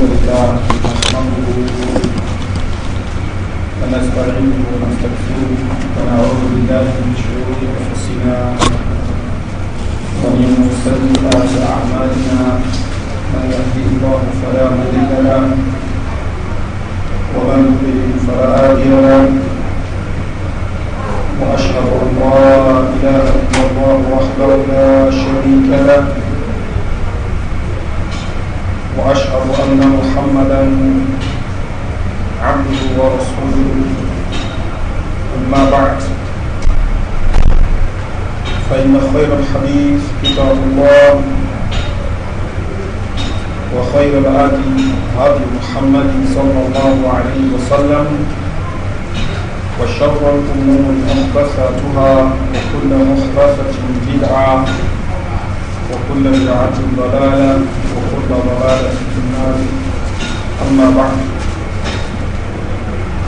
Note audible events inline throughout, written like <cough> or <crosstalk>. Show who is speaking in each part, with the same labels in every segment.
Speaker 1: الحمد لله نحمده ونستعينه ونستغفره ونعوذ بالله من شرور انفسنا ومن سيئات اعمالنا من يهدي الله فلا مضل له ومن يضلل فلا هادي له واشهد ان لا اله الا الله وحده لا شريك له وأشهد أن محمدا عبده ورسوله أما بعد فإن خير الحديث كتاب الله وخير الهدي هدي محمد صلى الله عليه وسلم وشر الأمور محدثاتها وكل محدثة بدعة وكل بدعة ضلالة ضلالة في النار أما بعد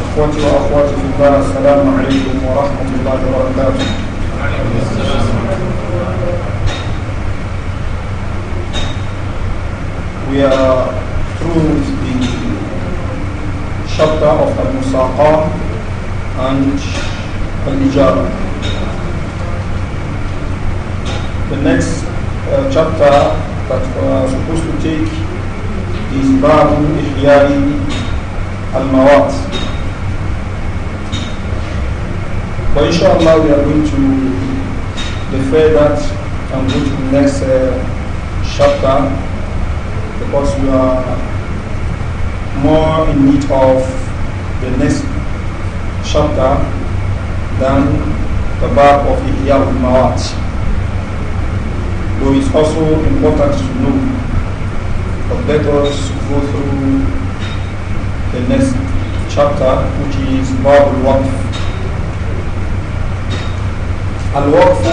Speaker 1: أخوتي وأخواتي في الله السلام عليكم ورحمة الله وبركاته We are through the chapter of Al-Musaqa and Al-Ijara. The next uh, chapter that we are supposed to take is Babu Ihyari Al-Mawat. But inshallah we are going to defer that and go to the next uh, chapter because we are more in need of the next chapter than the Bab of Ihyari Al-Mawat. So it's also important to know. But let us go through the next chapter, which is Bab al-Waqf. Al-Waqf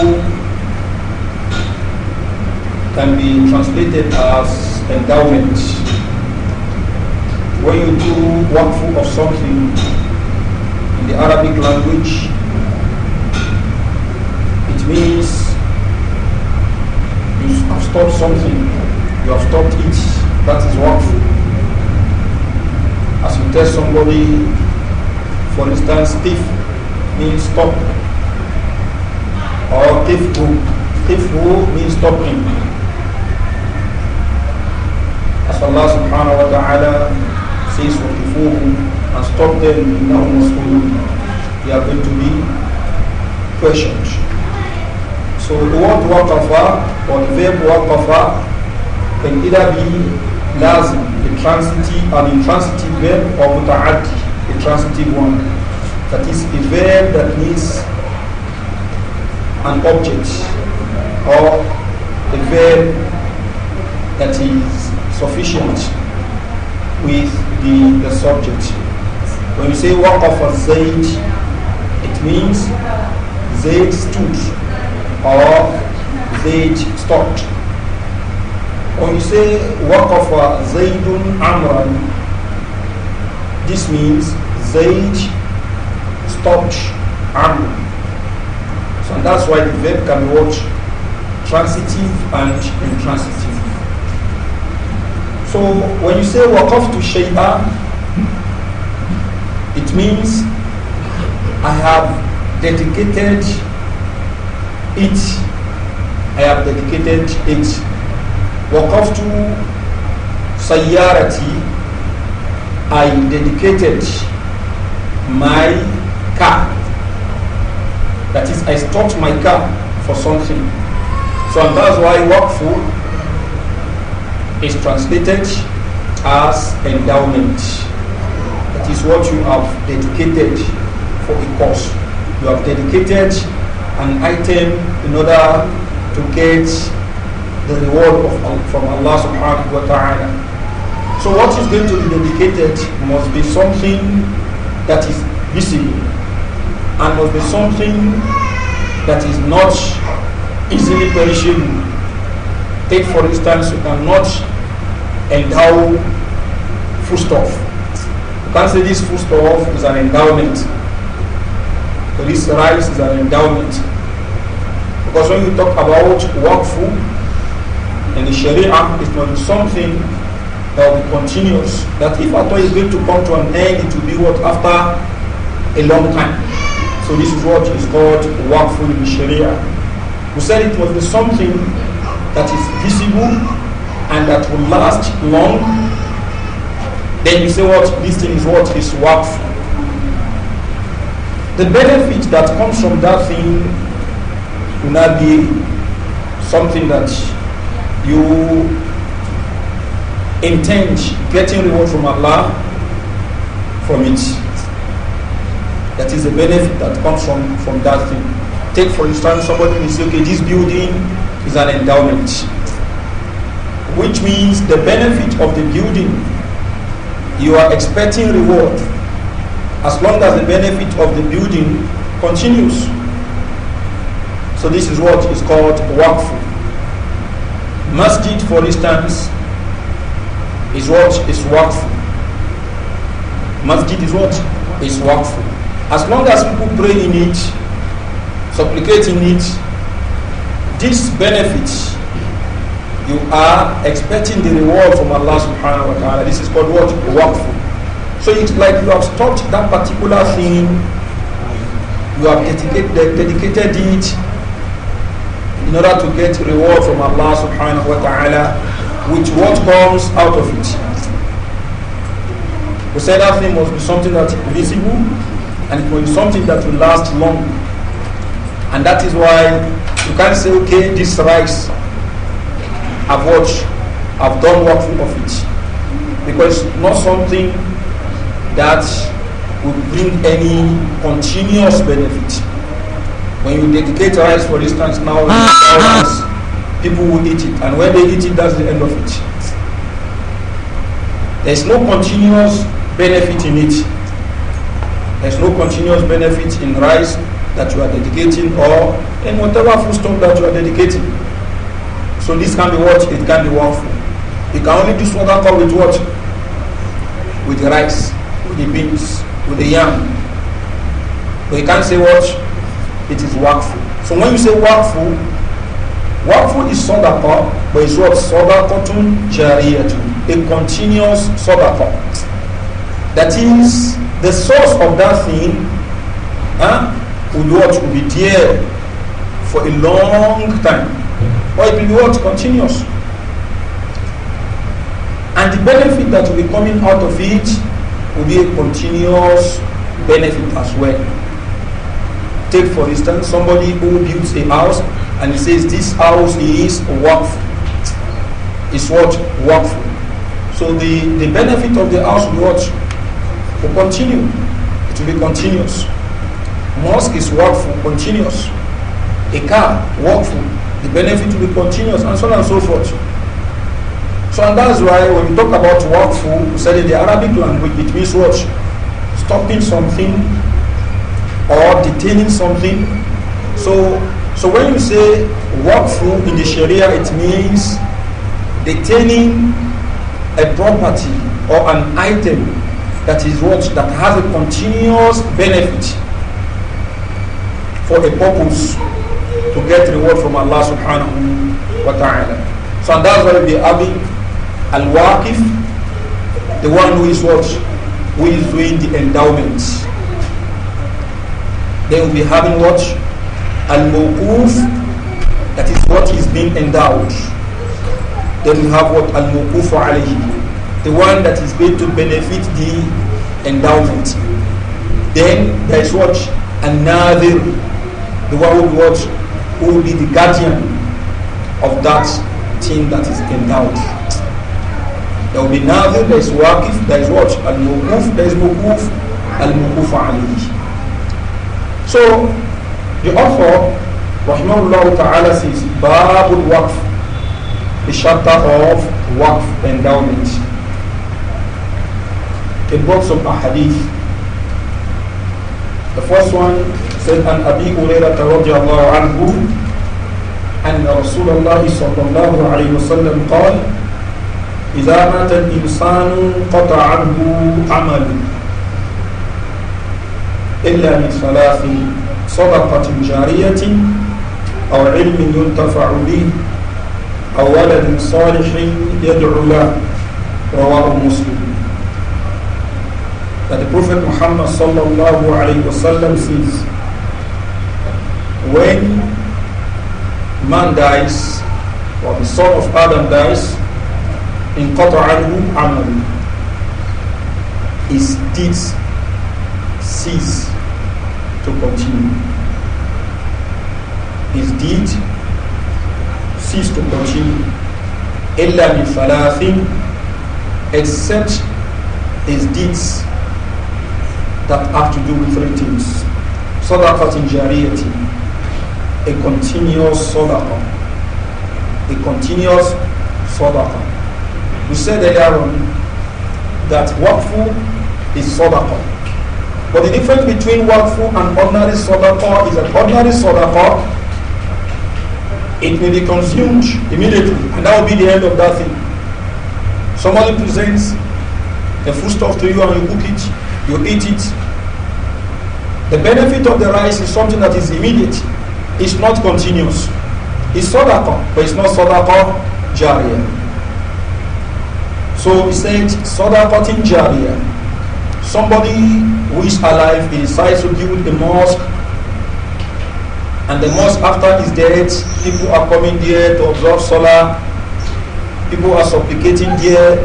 Speaker 1: can be translated as endowment. When you do waqf of something in the Arabic language, it means stop something, you have stopped it. That is wrongful. As you tell somebody, for instance, thief means stop. Or thief who, thief who means stopping. As Allah subhanahu wa ta'ala says, and stop them in the Muslim, they are going to be questioned. So the word our or the verb waqafa can either be lazim, "a transitive or the intransitive verb, or muta'addi, "a transitive one. That is a verb that means an object or a verb that is sufficient with the, the subject. When we say waqafa zayd, it means zayd stood or Zaid stopped. When you say waqafa Zaidun Amran, this means Zaid stopped Amran. So that's why the verb can be what? Transitive and intransitive. So when you say waqaf to Shay'a, it means I have dedicated it I have dedicated it. وقفت Sayarati, I dedicated my car. That is, I stopped my car for something. So and that's why wakfu is translated as endowment. That is what you have dedicated for a cause. You have dedicated an item in order to get the reward of, from Allah subhanahu wa ta'ala. So what is going to be dedicated must be something that is visible and must be something that is not easily perishable. Take for instance, you cannot endow foodstuff. You can't say this foodstuff is an endowment. This rice is an endowment because when you talk about wakfu and the sharia, it must be something that will be continuous. That if at all is going to come to an end, it will be what after a long time. So this is what is called wakfu in sharia. We said it must be something that is visible and that will last long. Then you say what this thing is what is wakfu. The benefit that comes from that thing will not be something that you intend getting reward from Allah from it. That is a benefit that comes from, from that thing. Take for instance somebody will say, okay, this building is an endowment. Which means the benefit of the building, you are expecting reward as long as the benefit of the building continues. So this is what is called waqf. Masjid, for instance, is what is waqf. Masjid is what is waqf. As long as people pray in it, supplicate in it, this benefit you are expecting the reward from Allah subhanahu wa ta'ala. This is called what? Waqf. So it's like you have stopped that particular thing, you have dedicated, dedicated it in order to get reward from Allah subhanahu wa ta'ala with what comes out of it. We said that thing must be something that's visible and it must be something that will last long. And that is why you can't say, okay, this rice, I've watched, I've done work of it. Because it's not something that would bring any continuous benefit. When you dedicate rice, for instance, now ah, ah. rice, people will eat it, and when they eat it, that's the end of it. There's no continuous benefit in it. There's no continuous benefit in rice that you are dedicating or in whatever foodstuff that you are dedicating. So this can be what? It can be one food. You can only do come with what? With the rice, with the beans, with the yam. But you can't say what? it is wakfu. So when you say wakfu, wakfu is sadaqah, but it's what sadaqatun jariyatun, a continuous sadaqah. That is, the source of that thing would what would be there for a long time, or it will be what continuous. And the benefit that will be coming out of it will be a continuous benefit as well. Take for instance somebody who builds a house and he says this house is worth is what worth. So the, the benefit of the house will what will continue. It will be continuous. Mosque is workful, continuous. A car, workful. The benefit will be continuous and so on and so forth. So and that's why when we talk about workful, we said in the Arabic language it means what? Stopping something or detaining something. So, so when you say through in the Sharia, it means detaining a property or an item that is what that has a continuous benefit for a purpose to get reward from Allah subhanahu wa ta'ala. So that's why we have al-waqif, the one who is what? Who is doing the endowments. They will be having what? Al-Mawquf, that is what is being endowed. Then we have what? al Al alayhi, the one that is going to benefit the endowment. Then there is what? Another, the one who will, who will be the guardian of that thing that is endowed. There will be another there is Waqif, there is what? Al-Mawquf, there is Mawquf, Al-Mawquf alayhi. So the author, Rahmanullah Ta'ala says, Babul Waqf, the chapter of Waqf endowment. It brought some ahadith. The first one said, An Abi Urayrata radiallahu anhu, أن رسول الله صلى الله عليه وسلم قال إذا مات الإنسان قطع عنه عمله إلا من ثلاث صدقة جارية أو علم ينتفع به أو ولد صالح يدعو له رواه مسلم That the Prophet Muhammad sallallahu alayhi wa sallam says when man dies or the son of Adam dies in قطع عنه عمله his deeds cease to continue. His deed cease to continue. إلا من ثلاث except his deeds that have to do with three things. Sadaqat in jariyati, a continuous sadaqah, a continuous sadaqah. We said earlier on that waqfu is sadaqah. But the difference between wakfu and ordinary sadaqah is that ordinary sadaqah, it may be consumed immediately, and that will be the end of that thing. Somebody presents a foodstuff to you and you cook it, you eat it. The benefit of the rice is something that is immediate, it's not continuous. It's sadaqah, but it's not sadaqah jariyah. So he said, in jariyah. Somebody who is alive decides to build a mosque, and the mosque after his death, people are coming there to observe Salah, people are supplicating there.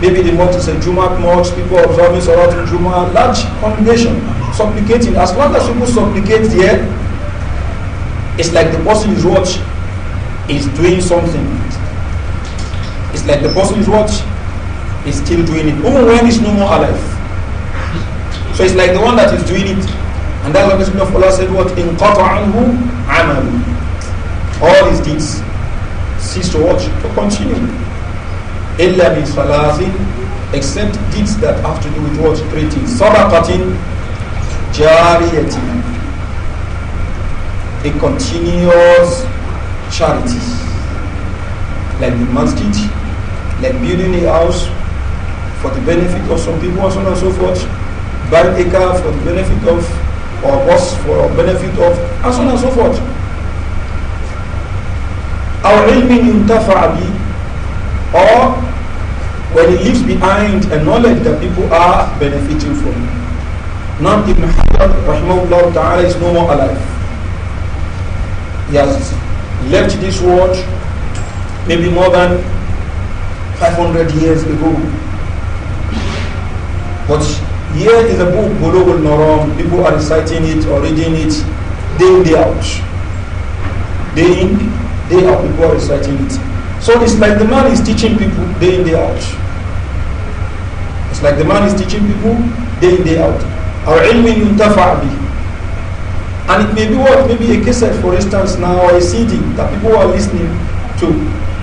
Speaker 1: Maybe the mosque is a Juma mosque, people are observing Salah to Juma. large congregation supplicating. As long as people supplicate there, it's like the person is Is doing something. It's like the person is watch is still doing it, even when he's no more alive. So it's like the one that is doing it. And that's what the Messenger of Allah said, what? In anhu amalu. All his deeds cease to watch, to continue. Illa bi salatin, except deeds that have to do with what? Three things. Sadaqatin, jariyatin. A continuous charity. Like the masjid, like building a house, for the benefit of some people, and so on and so forth. Buy a car for the benefit of, or bus for the benefit of, and so on and so forth. Our ilmin yuntafa abi, or when he leaves behind a knowledge that people are benefiting from. Not Ibn Hajar, rahimahullah ta'ala, is no more alive. He has left this world maybe more than 500 years ago. But here is a book, Bulugh al people are reciting it or reading it day in, day out. Day in, day out, people are reciting it. So it's like the man is teaching people day in, day out. It's like the man is teaching people day in, day out. Our ilmi yuntafa And it may be what? Maybe a cassette, for instance, now, or a CD that people are listening to.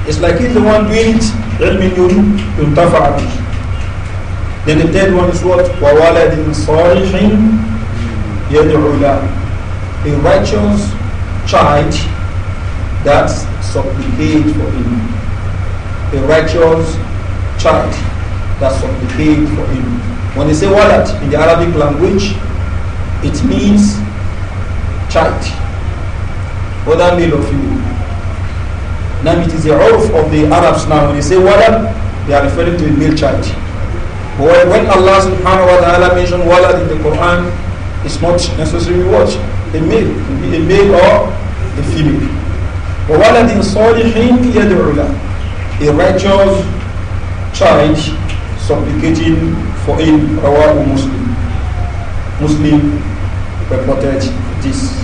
Speaker 1: It's like he's the one doing it, ilmi yuntafa then the third one is what? وَوَلَدٍ صَالِحٍ يَدْعُو لَهُ a righteous child that supplicate for him. A righteous child that supplicate for him. When they say walat in the Arabic language, it means child, whether male of you? Now it is the oath of the Arabs now. When they say walat, they are referring to a male child when Allah subhanahu wa ta'ala mentioned walad in the Quran, it's not necessarily watch A male. It be a male or a female. But walad in salihin yad'ula. A righteous child supplicating for him, rawahu Muslim. Muslim reported this.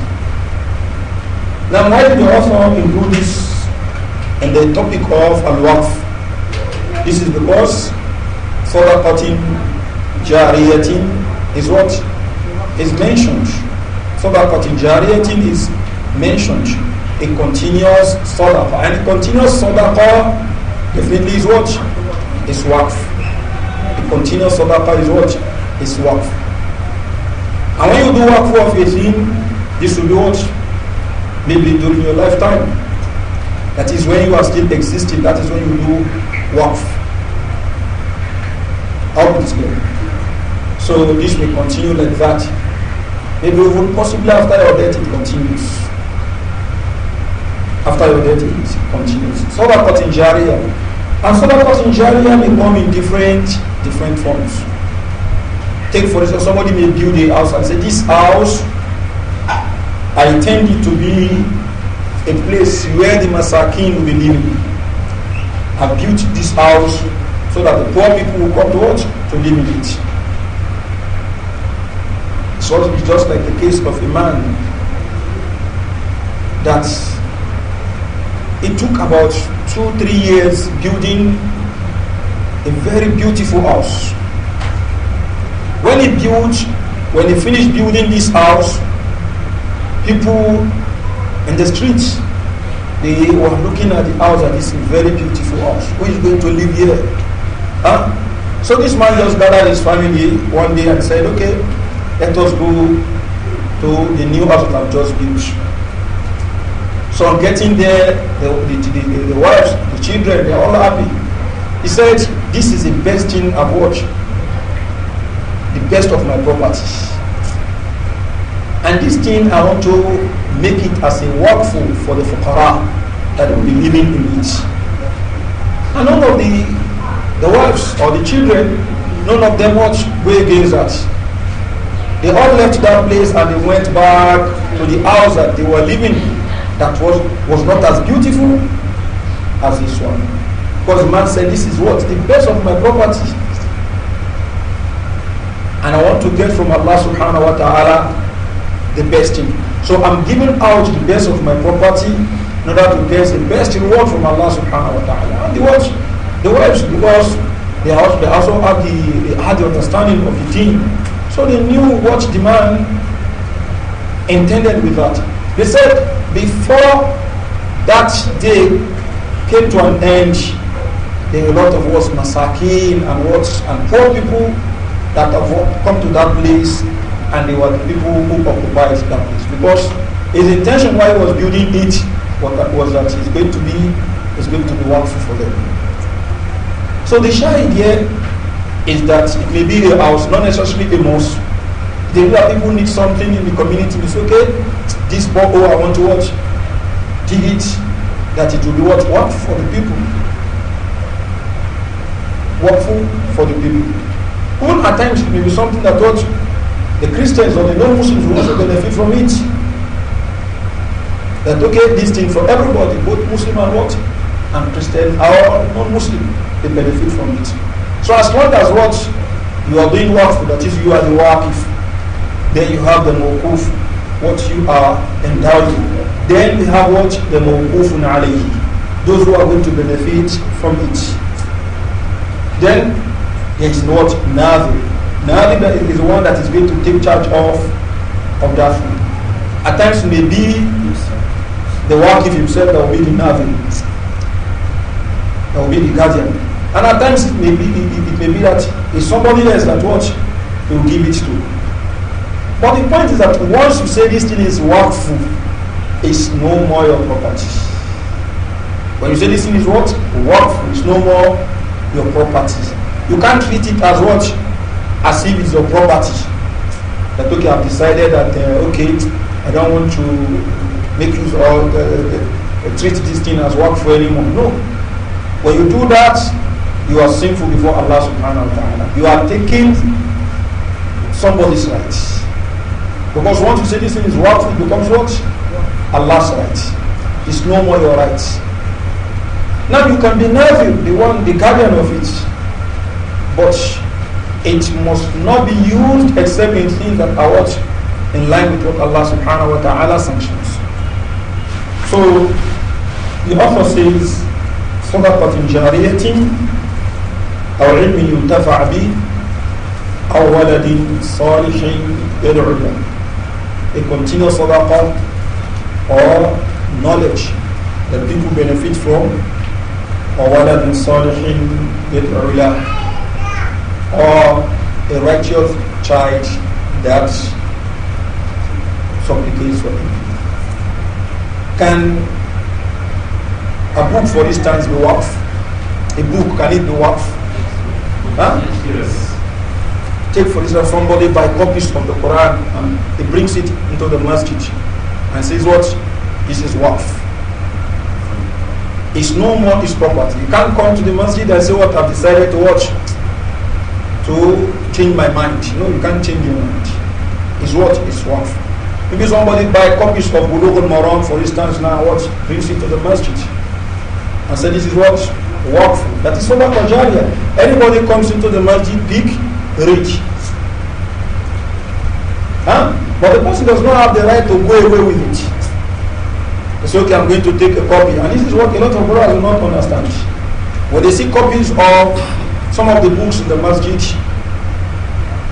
Speaker 1: Now why did the author include this and the topic of al-waqf? This is because صدقة جارية is what? Is mentioned. صدقة جارية is mentioned. A continuous صدقة. And continuous صدقة definitely is what? Is waqf. A continuous صدقة is what? Is waqf. And when you do waqf of a thing, this will be what? Maybe during your lifetime. That is when you are still existing. That is when you do waqf. How it's going. So this may continue like that. Maybe even possibly after your death it continues. After your death it continues. So Sadaqat in jaria, And so Sadaqat in jaria may come in different, different forms. Take for instance, somebody may build a house and say, this house, I intend it to be a place where the masakin will be living. I built this house so that the poor people will come to what? To live in it. So it's just like the case of a man that it took about two, three years building a very beautiful house. When he built, when he finished building this house, people in the streets, they were looking at the house and this very beautiful house. Who is going to live here? Huh? So this man just gathered his family one day and said, okay, let us go to the new house that I've just built. So getting there, the, the, the, the wives, the children, they're all happy. He said, this is the best thing I've watched. The best of my properties, And this thing, I want to make it as a work for the fuqara that will be living in it. And all of the the wives or the children, none of them watch way against us. They all left that place and they went back to the house that they were living that was, was not as beautiful as this one. Because man said, This is what? The best of my property. And I want to get from Allah subhanahu wa ta'ala the best thing. So I'm giving out the best of my property in order to get the best reward from Allah subhanahu wa ta'ala. And the watch the wives because they, also, they also the, they had the understanding of the team, So they knew what the man intended with that. They said before that day came to an end, there were a lot of what massacring and what and poor people that have come to that place and they were the people who occupied that place. Because his intention why he was building it was that, was that it's going to be it's going to be wonderful for them. So the idea is that it may be a house, not necessarily a mosque. The people need something in the community. It's okay, this oh, I want to watch, Did it, that it will be what? Work for the people. Workful for the people. Even at times it may be something that what the Christians or the non-Muslims will also benefit from it. That okay, this thing for everybody, both Muslim and what? and Christian or non-Muslim, they benefit from it. So as long as what you are doing work, that is you are the waqif, then you have the mawquf, what you are endowed with. Then we have what? The mawqufun alayhi. Those who are going to benefit from it. Then there is what? Nadir. Nadir is the one that is going to take charge of, of that thing. At times maybe the waqif himself that will be the Nadir. that will be the guardian. And at times it may be, it, it may be that if somebody else that watch, they will give it to. But the point is that once you say this thing is workful, it's no more your property. When you say this thing is what? Workful, it's no more your property. You can't treat it as what? As if it's your property. That okay, I've decided that uh, okay, I don't want to make use or uh, uh treat this thing as work for anymore. No, When you do that, you are sinful before Allah subhanahu wa ta'ala. You are taking somebody's rights. Because once you say this thing is wrong, it becomes what? Allah's right. It's no more your right. Now you can be nephew, the one, the guardian of it. But it must not be used except in things that are what? In line with what Allah subhanahu wa ta'ala sanctions. So the author says صدقة جارية أو علم ينتفع به أو ولد صالح يدعو له a continuous صدقة or knowledge that people benefit from or ولد صالح يدعو له or a righteous child that supplicates for him can A book, for instance, be worth? A book, can it be worth? Huh? Yes. Take, for instance, somebody buy copies of the Quran and he brings it into the masjid and says, What? This is worth. It's no more his property. You can't come to the masjid and say, What? I've decided to watch. To change my mind. No, you can't change your mind. It's what? It's worth. Maybe somebody buy copies of Bulugh Quran for instance, now what? Brings it to the masjid and say this is what work that is solar kajaria anybody comes into the masjid big rich huh? but the person does not have the right to go away with it they say okay i'm going to take a copy and this is what a lot of brothers do not understand when they see copies of some of the books in the masjid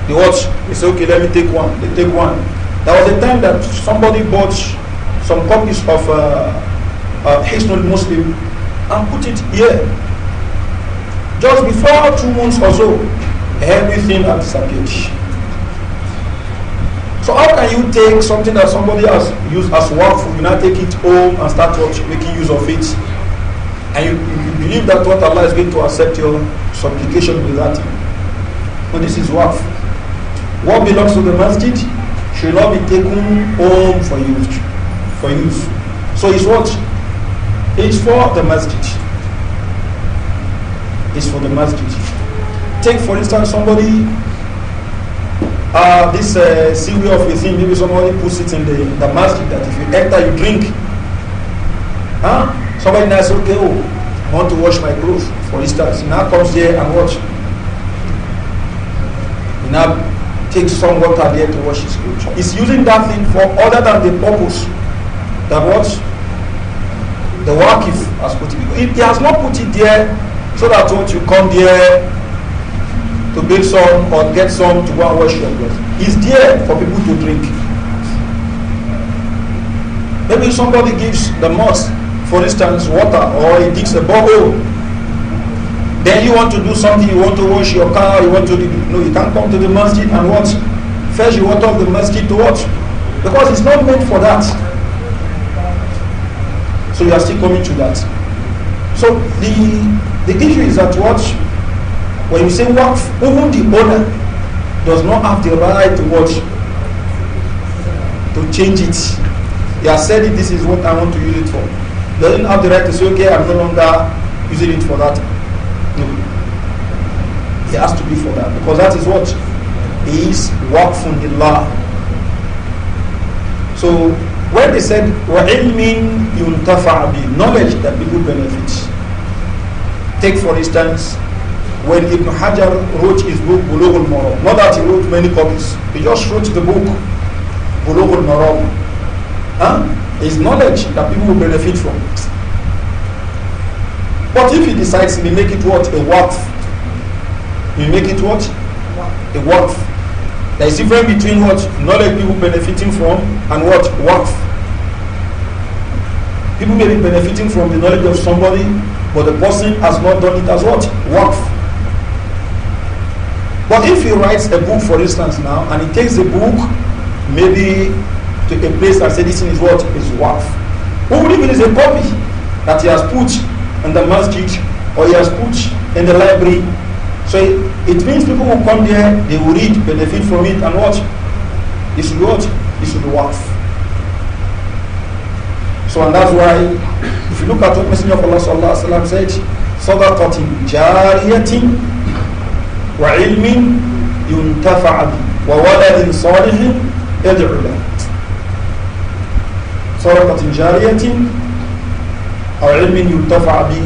Speaker 1: they watch they say okay let me take one they take one there was a time that somebody bought some copies of uh, uh, Hisnul Muslim and put it here. Just before two months or so, everything has disappeared. So how can you take something that somebody has used as work for you now take it home and start what, making use of it? And you, you believe that what Allah is going to accept your supplication with that. No, this is work. What belongs to the masjid should not be taken home for use. For use. So it's what It's for the masjid. It's for the masjid. Take for instance somebody, uh, this uh, series of thing, maybe somebody puts it in the, the masjid that if you enter, you drink. Huh? Somebody now says, okay, oh, I want to wash my clothes, for instance. He now comes here and watch. He now takes some water there to wash his clothes. He's using that thing for other than the purpose that what The Waqif has put it. If he has not put it there, so that once you come there to make some or get some to go and wash your clothes, it's there for people to drink. Maybe somebody gives the mosque, for instance, water, or he digs a borehole. Then you want to do something, you want to wash your car, you want to do, no, you can't come to the masjid and what? Fetch the water of the masjid to what? Because it's not meant for that. So you are still coming to that. So the the issue is that what when you say what even the owner does not have the right to watch to change it. He has said it, this is what I want to use it for. Doesn't have the right to say, okay, I'm no longer using it for that. No. It has to be for that because that is what is work from the law. So When they said, وَعِلْمٍ يُنْتَفَعْ بِهِ Knowledge that people benefit. Take for instance, when Ibn Hajar wrote his book, Bulugh al-Maram. Not that he wrote many copies. He just wrote the book, Bulugh al-Maram. Huh? It's knowledge that people will benefit from. It. But if he decides to make it what? A worth. You make it what? A worth. There is a difference between what knowledge people benefiting from and what worth. People may be benefiting from the knowledge of somebody, but the person has not done it as what? Work. But if he writes a book, for instance, now, and he takes the book maybe to a place and say this thing is what? Is work. Who believe in a copy that he has put in the masjid or he has put in the library? So it, means people who come there, they will read, benefit from it, and what? It should what? It should work. So and that's why if you look at what Messenger of Allah sallallahu alaihi wasallam said, صدقة جارية وعلم ينتفع به وولد صالح يدعو له صدقة جارية أو علم ينتفع به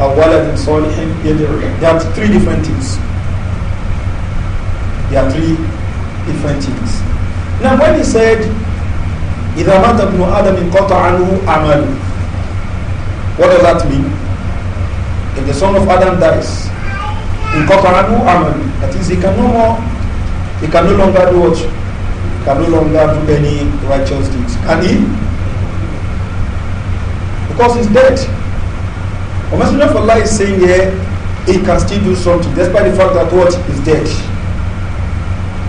Speaker 1: أو ولد صالح يدعو There are three different things. There are three different things. Now when he said إذا مات ابن آدم انقطع عنه عمله What does that mean? If the son of Adam dies, انقطع عنه عمله That is, he can no more, he can no longer do what? He can no longer do any righteous deeds. Can he? Because he's dead. The Messenger of Allah is saying here, he can still do something, despite the fact that what is dead.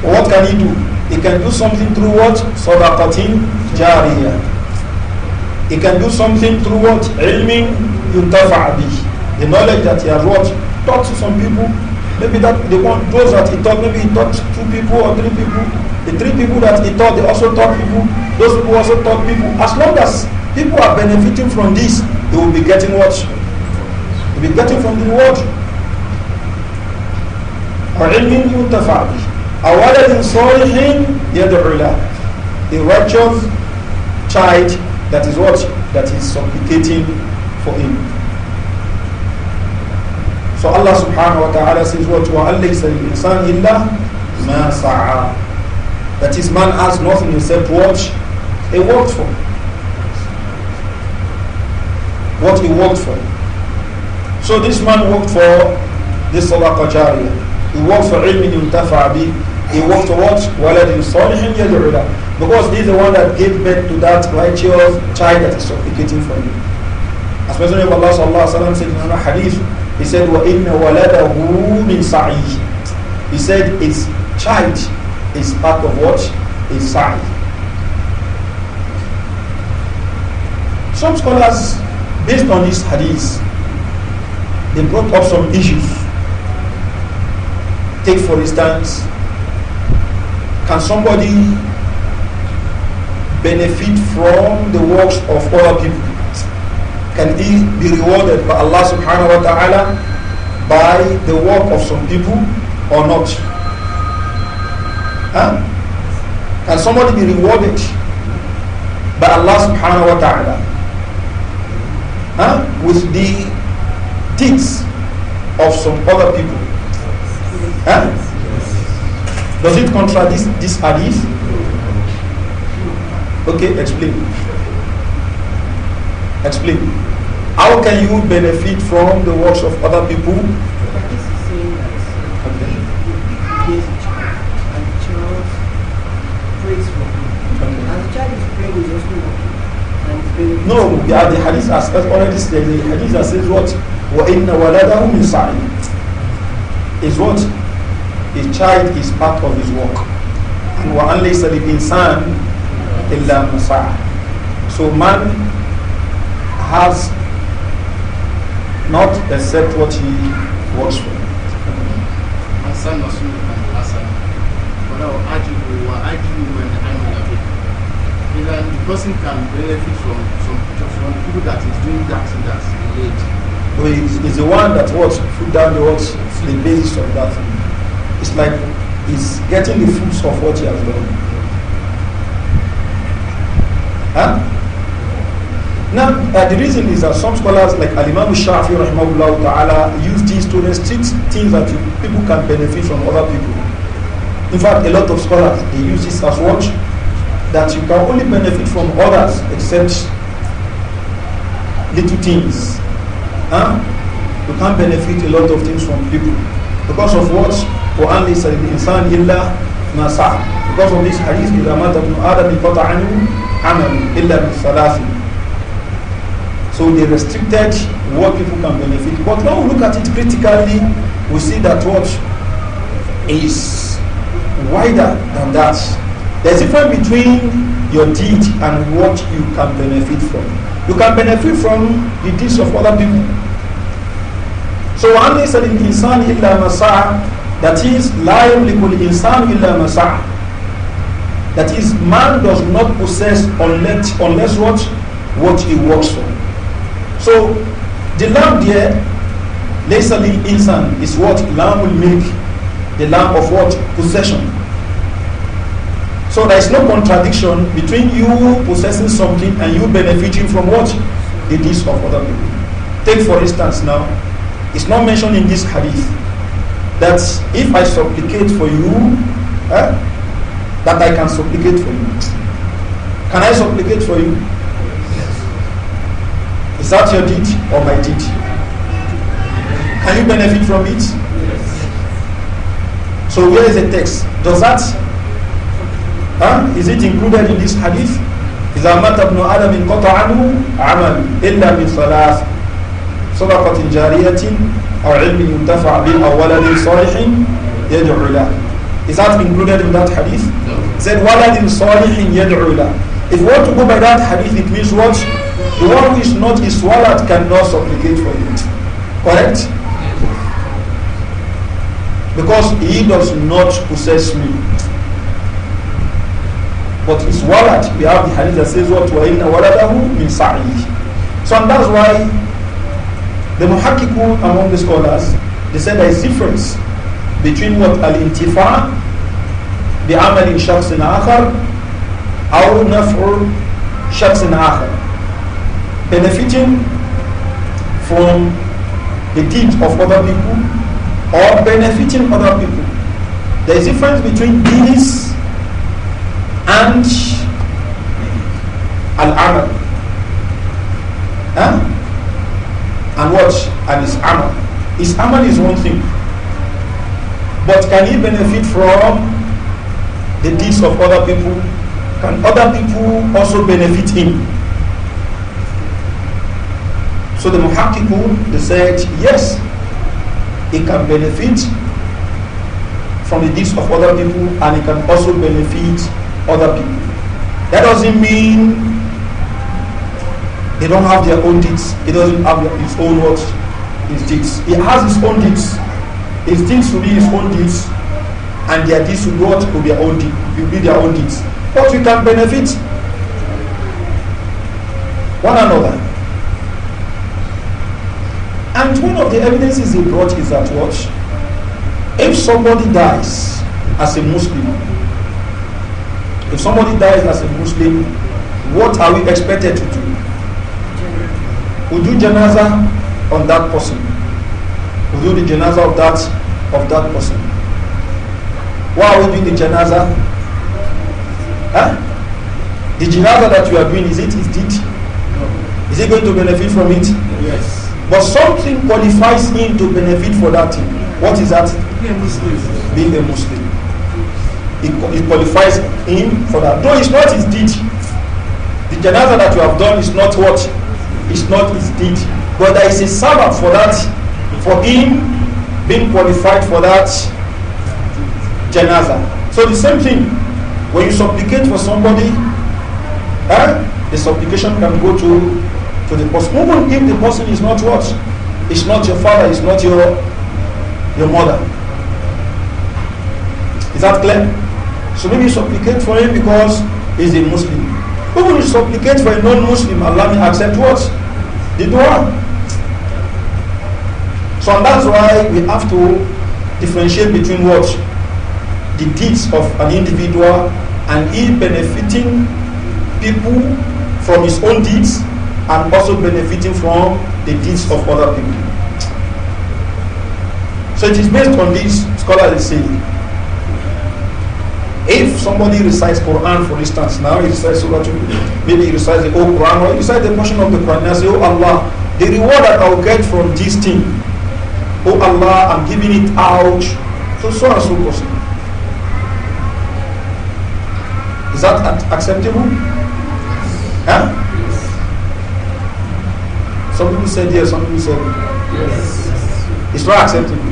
Speaker 1: What can he do? He can do something through what? Sadaqatin jariya. He can do something through what? Ilmin yuntafa The knowledge that he has what? Taught to some people. Maybe that the one, those that he taught, maybe he taught two people or three people. The three people that he taught, they also taught people. Those people also taught people. As long as people are benefiting from this, they will be getting what? They will be getting from the reward. Or ilmin yuntafa أو ولد صالح يدعو له a righteous child that is what that is supplicating for him so Allah subhanahu wa ta'ala says what وَأَلَّيْسَ الْإِنسَانِ إِلَّا مَا سَعَى that is man has nothing except what he worked for what he worked for so this man worked for this Salah Qajariya he worked for ilmin yuntafa he wants to what? Because he's the one that gave birth to that righteous child that is supplicating for you. As Messenger of Allah sallallahu alayhi wa said in another hadith, he said, وَإِنَّ وَلَدَهُ مِنْ سَعِيهِ He said, its child is part of what? Is sa'i. Some scholars, based on this hadith, they brought up some issues. Take for instance, can somebody benefit from the works of other people? Can he be rewarded by Allah subhanahu wa ta'ala by the work of some people or not? Huh? Can somebody be rewarded by Allah subhanahu wa ta'ala huh? with the deeds of some other people? Huh? Does it contradict this hadith? Okay, explain. Explain. How can you benefit from the works of other people? No, yeah, the hadith has already said the hadith has said what? وَإِنَّ وَلَدَهُ مِنْ سَعِيٍ Is what? a child is part of his work. And So man has not accept what he works for. and Hassan, but I will argue, The person can benefit from, from, from the people that is doing that and that's related. Well, it's, the one that works, put down the works, the basis of that it's like he's getting the fruits of what he has done. Huh? Now, uh, the reason is that some scholars like Al-Imam Shafi rahimahullah ta'ala use these to restrict things that you, people can benefit from other people. In fact, a lot of scholars, they use this as what? That you can only benefit from others except little things. Huh? You can't benefit a lot of things from people. Because of what? إلا ما سعى because of this hadith إذا آدم عمل إلا من ثلاث So they restricted what people can benefit. But now, we look at it critically, we see that what is wider than that. There's a difference between your deed and what you can benefit from. You can benefit from the deeds of other people. So, وَأَنْ لَيْسَ لِلْإِنسَانِ إِلَّا مَسَعَى that is, لا يملك الإنسان إلا ما That is, man does not possess unless, unless what, what he works for. So, the lamb there, ليس للإنسان is what lamb will make. The lamb of what? Possession. So there is no contradiction between you possessing something and you benefiting from what? The deeds of other people. Take for instance now, it's not mentioned in this hadith that if I supplicate for you, eh, that I can supplicate for you. Can I supplicate for you? Yes. Is that your deed or my deed? Can you benefit from it? Yes. So where is the text? Does that? Huh? Is it included in this hadith? إذا مات ابن آدم انقطع عنه عمل إلا من ثلاث صدقة جارية أو علم ينتفع به أو ولد صالح يدعو له Is that included in that hadith? No. It said ولد صالح يدعو له If you want to go by that hadith, it means what? The one who is not his wallet cannot supplicate for it. Correct? Because he does not possess me. But his wallet, we have the hadith that says what? وَإِنَّ وَلَدَهُ مِنْ سَعِيهِ So and that's why The muhakkikun among the scholars, they said there is difference between what al-intifa بعمل شخص آخر أو نفع شخص آخر benefiting from the deeds of other people or benefiting other people. There is a difference between deeds and al-amal. Huh? and what? And his amal. His amal is one thing. But can he benefit from the deeds of other people? Can other people also benefit him? So the muhakkikun, they said, yes, it can benefit from the deeds of other people and it can also benefit other people. That doesn't mean they don't have their own deeds. He doesn't have his own what? His deeds. He has his own deeds. His deeds will be his own deeds, and their deeds will what be their own deeds. Will be their own deeds. But we can benefit one another. And one of the evidences he brought is that what? If somebody dies as a Muslim, if somebody dies as a Muslim, what are we expected to do? would do on that person would do the janaza of that of that person why are we doing the janaza huh? the janaza that you are doing is it is it is he going to benefit from it yes but something qualifies him to benefit for that thing what is that being a muslim being a muslim it, qualifies him for that. No, it's not his deed. The janaza that you have done is not what is not his deed, but there is a sabbath for that, for him being qualified for that janaza. So the same thing, when you supplicate for somebody, eh, the supplication can go to, to the person. Even if the person is not what? It's not your father, it's not your, your mother. Is that clear? So maybe you supplicate for him because he's a Muslim. Who you supplicate for a non-Muslim, Allah may accept what? did one. So and that's why we have to differentiate between what the deeds of an individual and he benefiting people from his own deeds and also benefiting from the deeds of other people. So it is based on this, scholar is saying. If somebody recites Quran, for instance, now he recites Surah maybe he recites the whole Quran, or he recites a portion of the Quran, and I say, Oh Allah, the reward that I'll get from this thing, Oh Allah, I'm giving it out to so and so person. Is that acceptable? Huh? Yes. Some people said yes, some people said no. Yes. It's not acceptable.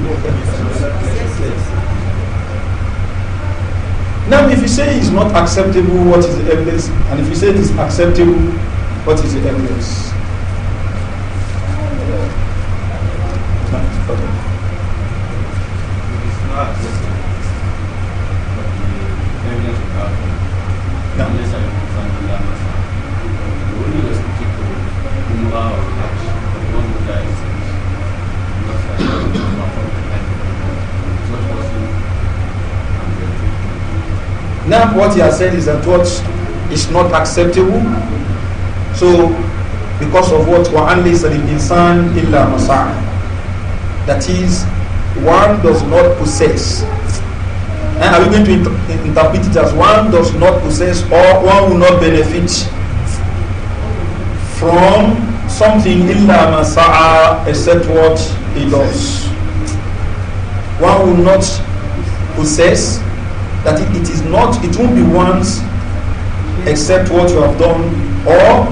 Speaker 1: Now, if you say it's not acceptable, what is the evidence? And if you say it is acceptable, what is the evidence? Now what he has said is that what is not acceptable. So because of what وَأَنْ لَيْسَ لِلْإِنسَانِ إِلَّا مَسَعَ That is, one does not possess. And eh, are we going to inter interpret it as one does not possess or one will not benefit from something illa masaa except what he does. One will not possess that it, is not, it won't be once except what you have done, or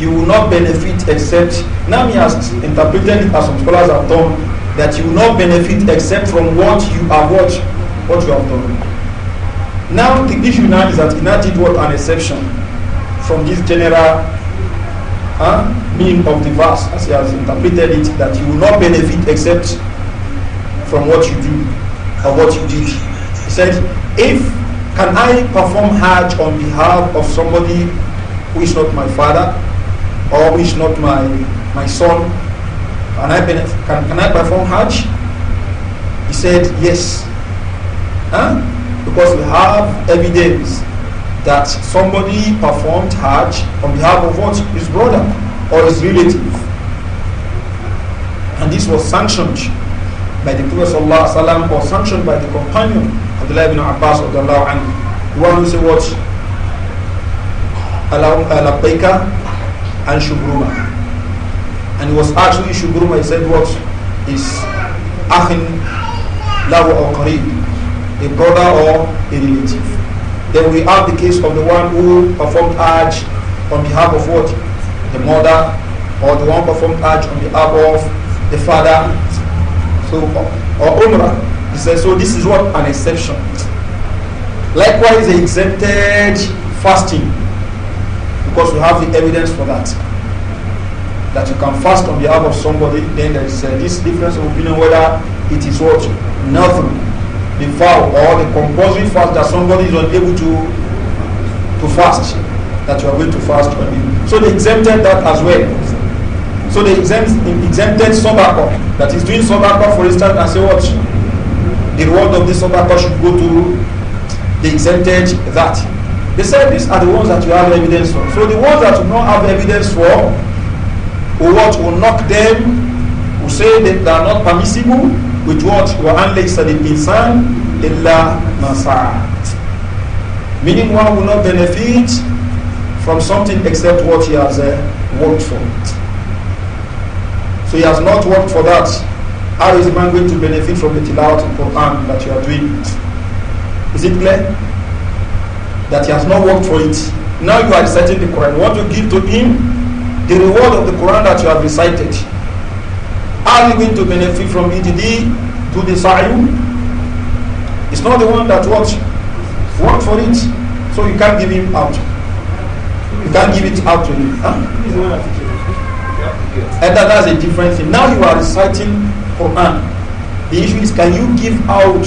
Speaker 1: you will not benefit except. Nami has interpreted it as some scholars have done that you will not benefit except from what you have watched, what you have done. Now the issue now is that Ina did what an exception from this general uh, meaning of the verse as he has interpreted it that you will not benefit except from what you do or what you did. said, if can I perform Hajj on behalf of somebody who is not my father or who is not my, my son? Can I, can, can I perform Hajj? He said, yes. Huh? Because we have evidence that somebody performed Hajj on behalf of what? His brother or his relative. And this was sanctioned by the Prophet sallam, or sanctioned by the companion Abdullah ibn Abbas of and One who say what? Alabaika and Shubruma. And it was actually Shubruma, he said what? Is Akhin Lawa or Qarib, a brother or a relative. Then we have the case of the one who performed Hajj on behalf of what? The mother, or the one performed Hajj on behalf of the father, So, or, uh, umrah. Uh, he says, so this is what an exception. Likewise, they exempted fasting because we have the evidence for that. That you can fast on behalf of somebody, then there is uh, this difference of opinion whether it is what nothing, the vow or the compulsory fast that somebody is unable to to fast, that you are going to fast on him. So they exempted that as well. So they exempt, exempted Sobako, that is doing Sobako, for instance, and say what? The reward of this Sobako should go to the exempted that. They said these are the ones that you have evidence for. So the ones that you not have evidence for, will what? Will knock them, will say that they are not permissible, with what? وَأَنْ the لِلْإِنسَانِ إِلَّا مَا Meaning one will not benefit from something except what he has uh, worked for. So he has not worked for that. How is the man going to benefit from the tilawat and Quran that you are doing? Is it clear? That he has not worked for it. Now you are reciting the Quran. What you give to him, the reward of the Quran that you have recited. How are you going to benefit from it? Did do the sayu? It's not the one that worked, worked for it. So you can't give him out. You can't give it out to him. Huh? And that, that's a different thing. Now you are reciting Quran. The issue is can you give out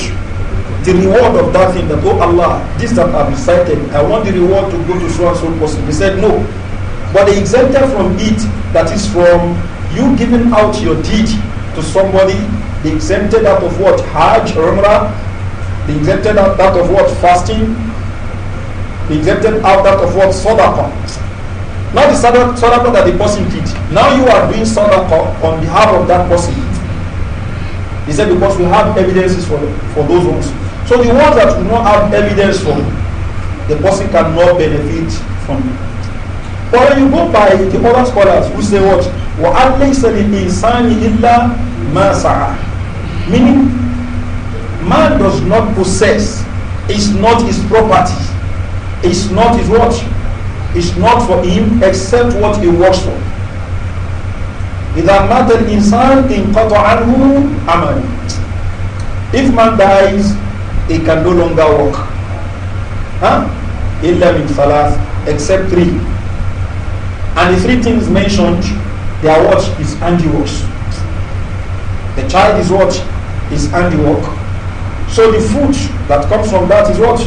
Speaker 1: the reward of that thing that, oh Allah, this that I've recited, I want the reward to go to so and so person. He said no. But the exempted from it, that is from you giving out your deed to somebody, the exempted out of what? Hajj, Umrah, the exempted out that of what? Fasting, the exempted out that of what? Sadaqah. Not the sadaqah that the person did. Now you are doing sadaqah on behalf of that person. He said because we have evidences for, for those ones. So the ones that do not have evidence for, the person cannot benefit from it. But when you go by the other scholars who say what? وَأَلَّيْسَ لِلْإِنسَانِ إِلَّا مَا سَعَى Meaning, man does not possess, it's not his property, it's not his what? It's not for him except what he works for. إذا مات الإنسان انقطع عنه عمل If man dies, he can no longer walk. Huh? إلا من ثلاث except three. And the three things mentioned, their is handiwork. The child is what is handiwork. So the food that comes from that is what?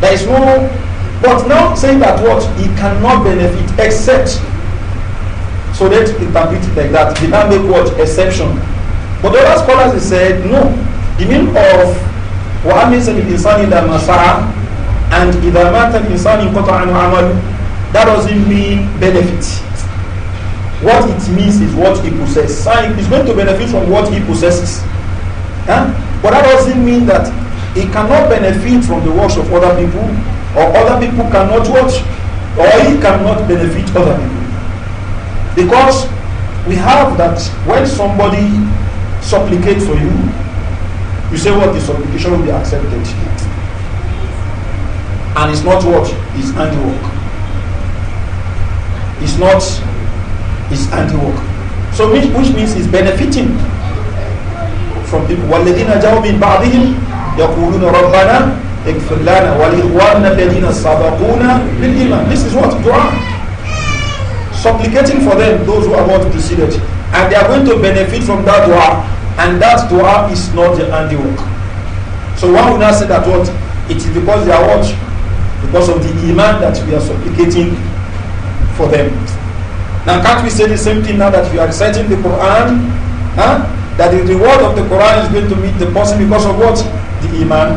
Speaker 1: There is no. But now saying that what? He cannot benefit except So let's interpret it like that. They now make what? Exception. But the other scholars they said, no. The meaning of وَأَمِنْ سَنِ الْإِنسَانِ إِذَا مَا and idamatan مَاتَ الْإِنسَانِ انْقَطَعَ عَنْهُ That doesn't mean benefit. What it means is what he possesses. And is going to benefit from what he possesses. Huh? But that doesn't mean that he cannot benefit from the works of other people or other people cannot watch or he cannot benefit other people. Because we have that when somebody supplicates for you, you say what the supplication will be accepted. And it's not what is handiwork. It's not his handiwork. So which, which means he's benefiting from people. وَالَّذِينَ جَاءُوا مِنْ بَعْدِهِمْ يَقُولُونَ This is what? Dua. supplicating for them, those who are about to not preceded. And they are going to benefit from that dua. And that dua is not the handiwork. So one would not say that what? It is because they are what? Because of the iman that we are supplicating for them. Now can't we say the same thing now that we are reciting the Quran? Huh? That the reward of the Quran is going to meet the person because of what? The iman.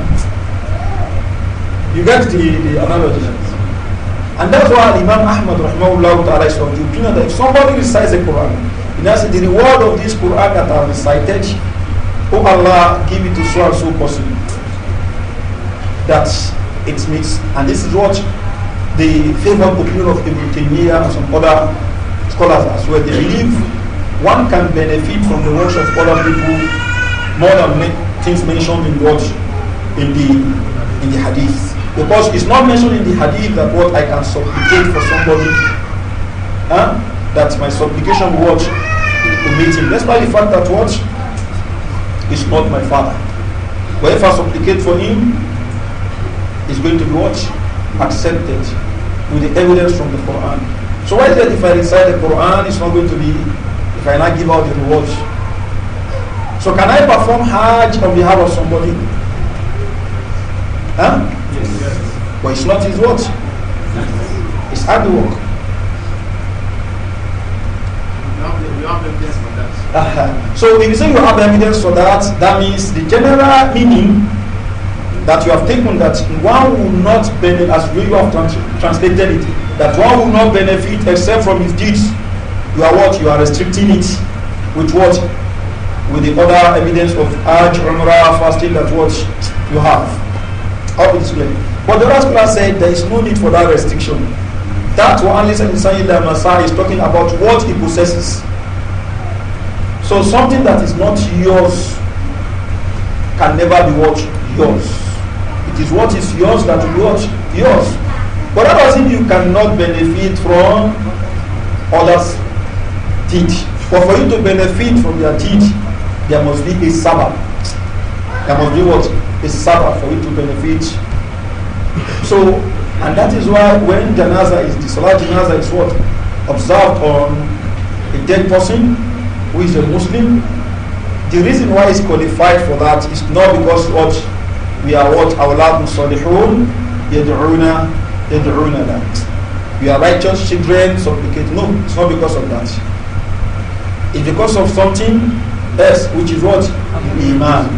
Speaker 1: You get the, the analogy. And that's why Imam Ahmad rahimahullah ta'ala is on You know that if somebody recites the Quran, knows that the reward of this Quran that I recited, oh Allah, give it to so and so person. That it means, and this is what the famous opinion of Ibn Taymiyyah and some other scholars as well. They believe one can benefit from the works of other people more than things mentioned in what in the in the hadith. Because it's not mentioned in the hadith that what I can supplicate for somebody. Huh? That my supplication what to meet him. Despite the fact that what is not my father. But if I supplicate for him, it's going to be what? Accepted with the evidence from the Quran. So why is if I recite the Quran, it's not going to be, if I not give out the reward? So can I perform Hajj on behalf of somebody? Huh? But it's not his what? It's hard work. have evidence for that. Uh-huh. So if you say you have evidence for that, that means the general meaning that you have taken that one will not benefit, as you have trans translated it, that one will not benefit except from his deeds. You are what? You are restricting it with what? With the other evidence of Hajj, Umrah, fasting that what you have. How is explain? But the last class said there is no need for that restriction. That what Anlis and Isaila Masai is talking about what he possesses. So something that is not yours can never be what yours. It is what is yours that will be yours. But that doesn't you cannot benefit from others' deed. But for you to benefit from their deed, there must be a sabbath. There must be what? A sabbath for you to benefit So, and that is why when janaza is, the salah janaza is what? Observed on a dead person who is a Muslim. The reason why he's qualified for that is not because what we are what awlad musalihun yad'una yad'una that. We are righteous children, supplicate. No, it's not because of that. It's because of something else, which is what? Iman.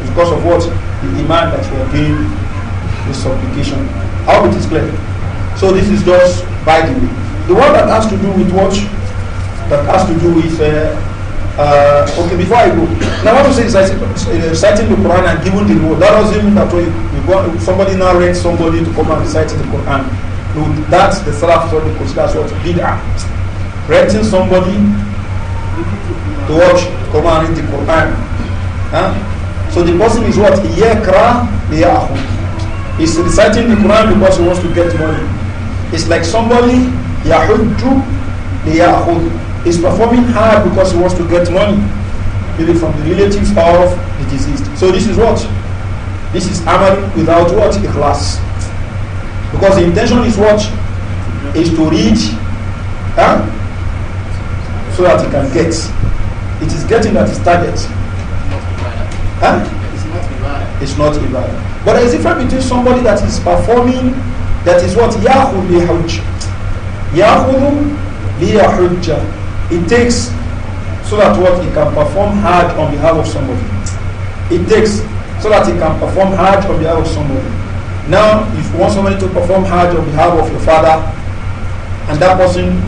Speaker 1: It's because of what? The iman that we are doing is supplication. How it is clear. So this is just by the way. The one that has to do with what? That has to do with uh, uh, okay, before I go, now I want to say citing, uh, citing the Quran and giving the reward. That doesn't mean that when you, somebody now rent somebody to come and recite the Quran. No, that's the Salaf of the Quran what bid'ah. Renting somebody to watch come and read the Quran. Huh? So the person is what? Yekra liyahud. He's reciting the Quran because he wants to get money. It's like somebody, Yahudju, Yahud, is performing hard because he wants to get money, maybe from the relatives of the deceased. So this is what? This is amal without what? a class. Because the intention is what? Is to reach huh? so that he can get. It is getting at his target. Huh? It's not ibadah. It's not ibadah. But there is a difference between somebody that is performing, that is what? Yahud li hajj. Yahud It takes so that what? He can perform hajj on behalf of somebody. It takes so that he can perform hajj on behalf of somebody. Now, if you want somebody to perform hajj on behalf of your father, and that person,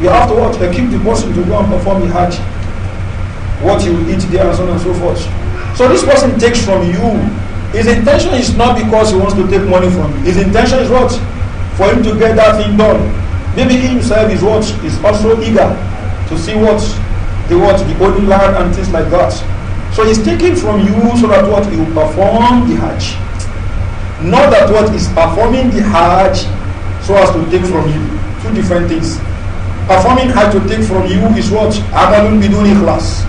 Speaker 1: you have to what? keep the person to go and perform the hajj. What you eat there and so on and so forth. So this person takes from you his intention is not because he wants to take money from you. His intention is what? For him to get that thing done. Maybe he himself is what? Is also eager to see what the what the golden land and things like that. So he's taking from you so that what you perform the Hajj. Not that what is performing the Hajj so as to take from you. Two different things. Performing Hajj to take from you is what? Amalun biduni class.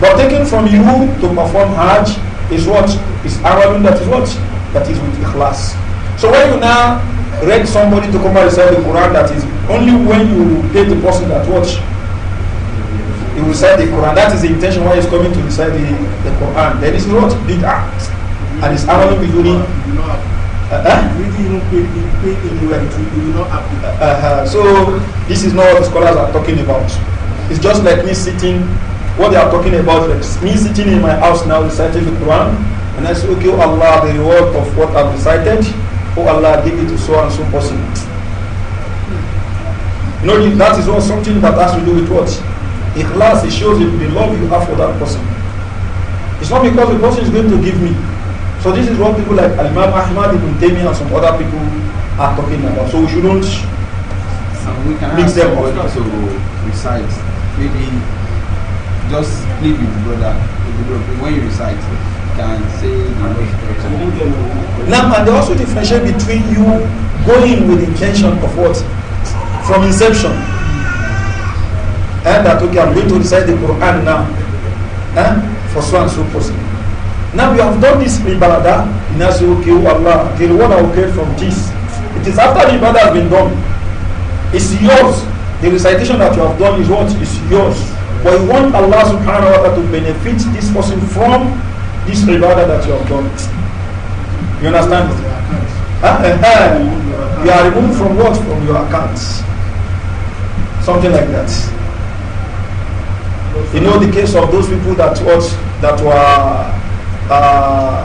Speaker 1: But taking from you to perform Hajj is what? Is arrogant that is what? That is with ikhlas. So when you now rent somebody to come out and recite the Quran, that is only when you pay the person that watch, He will recite the Quran. That is the intention why he is coming to recite the, the Quran. Then it's not big act. And it's arrogant with you. Uh-huh. You You do pay pay to. So this is not what the scholars are talking about. It's just like me sitting, what they are talking about, like me sitting in my house now reciting the Quran And I say, okay, oh Allah, the reward of what I've recited, oh Allah, give it to so and so person. You know, that is not something that has to do with what? Ikhlas, it shows it, the love you have for that person. It's not because the person is going to give me. So this is what people like Imam Ahmad ibn Taymiyyah and some other people are talking about. So we shouldn't we can mix them up. So recite, maybe just leave it, brother when you recite can say Now, and they also differentiate between you going with intention of what? From inception. And eh, that, okay, I'm going to recite the Quran now. Eh? For so and so person. Now we have done this ibadah, and I say, okay, oh Allah, the reward I will get from this. It is after the ibadah has been done. It's yours. The recitation that you have done is what is yours. But you want Allah subhanahu wa ta'ala to benefit this person from this ibadah that you have done. You understand? Huh? You are removed from what? From your accounts. Something like that. You know the case of those people that what that were uh,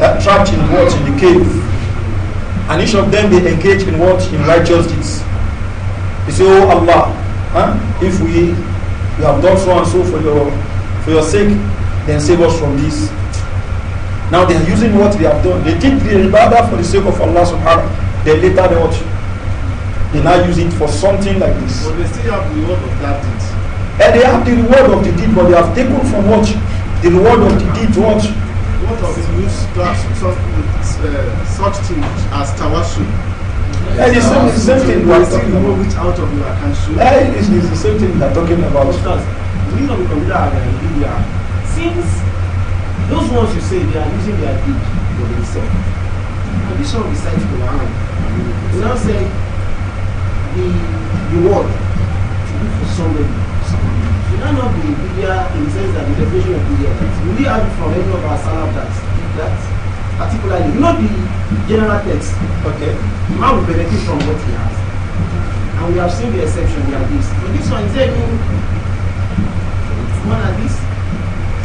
Speaker 1: uh trapped in what in the cave, and each of them they engage in what in righteous deeds. You say, Oh Allah, huh? if we, we have done so and so for your for your sake, then save us from this. Now they are using what they have done. They did the ibadah for the sake of Allah subhanahu wa Then later they what? They now use it for something like this. But they still have the reward of that deed. And they have the reward of the deed, but they have taken from what? The reward of the deed what? What of the use such, uh, such thing as tawassul? Yeah, it's, uh, the same thing we still talking about. Which out of your account? Yeah, it's, the same thing we are talking about. Because we know we consider since those ones you say they are using their deed for themselves and this one decides to Quran you now say the reward to do for somebody should that not be bigger in the sense that the definition of bigger that will we have from any of our salaf that did that particularly you know the general text okay man will benefit from what he has and we have seen the exception we have this but this one is saying one like this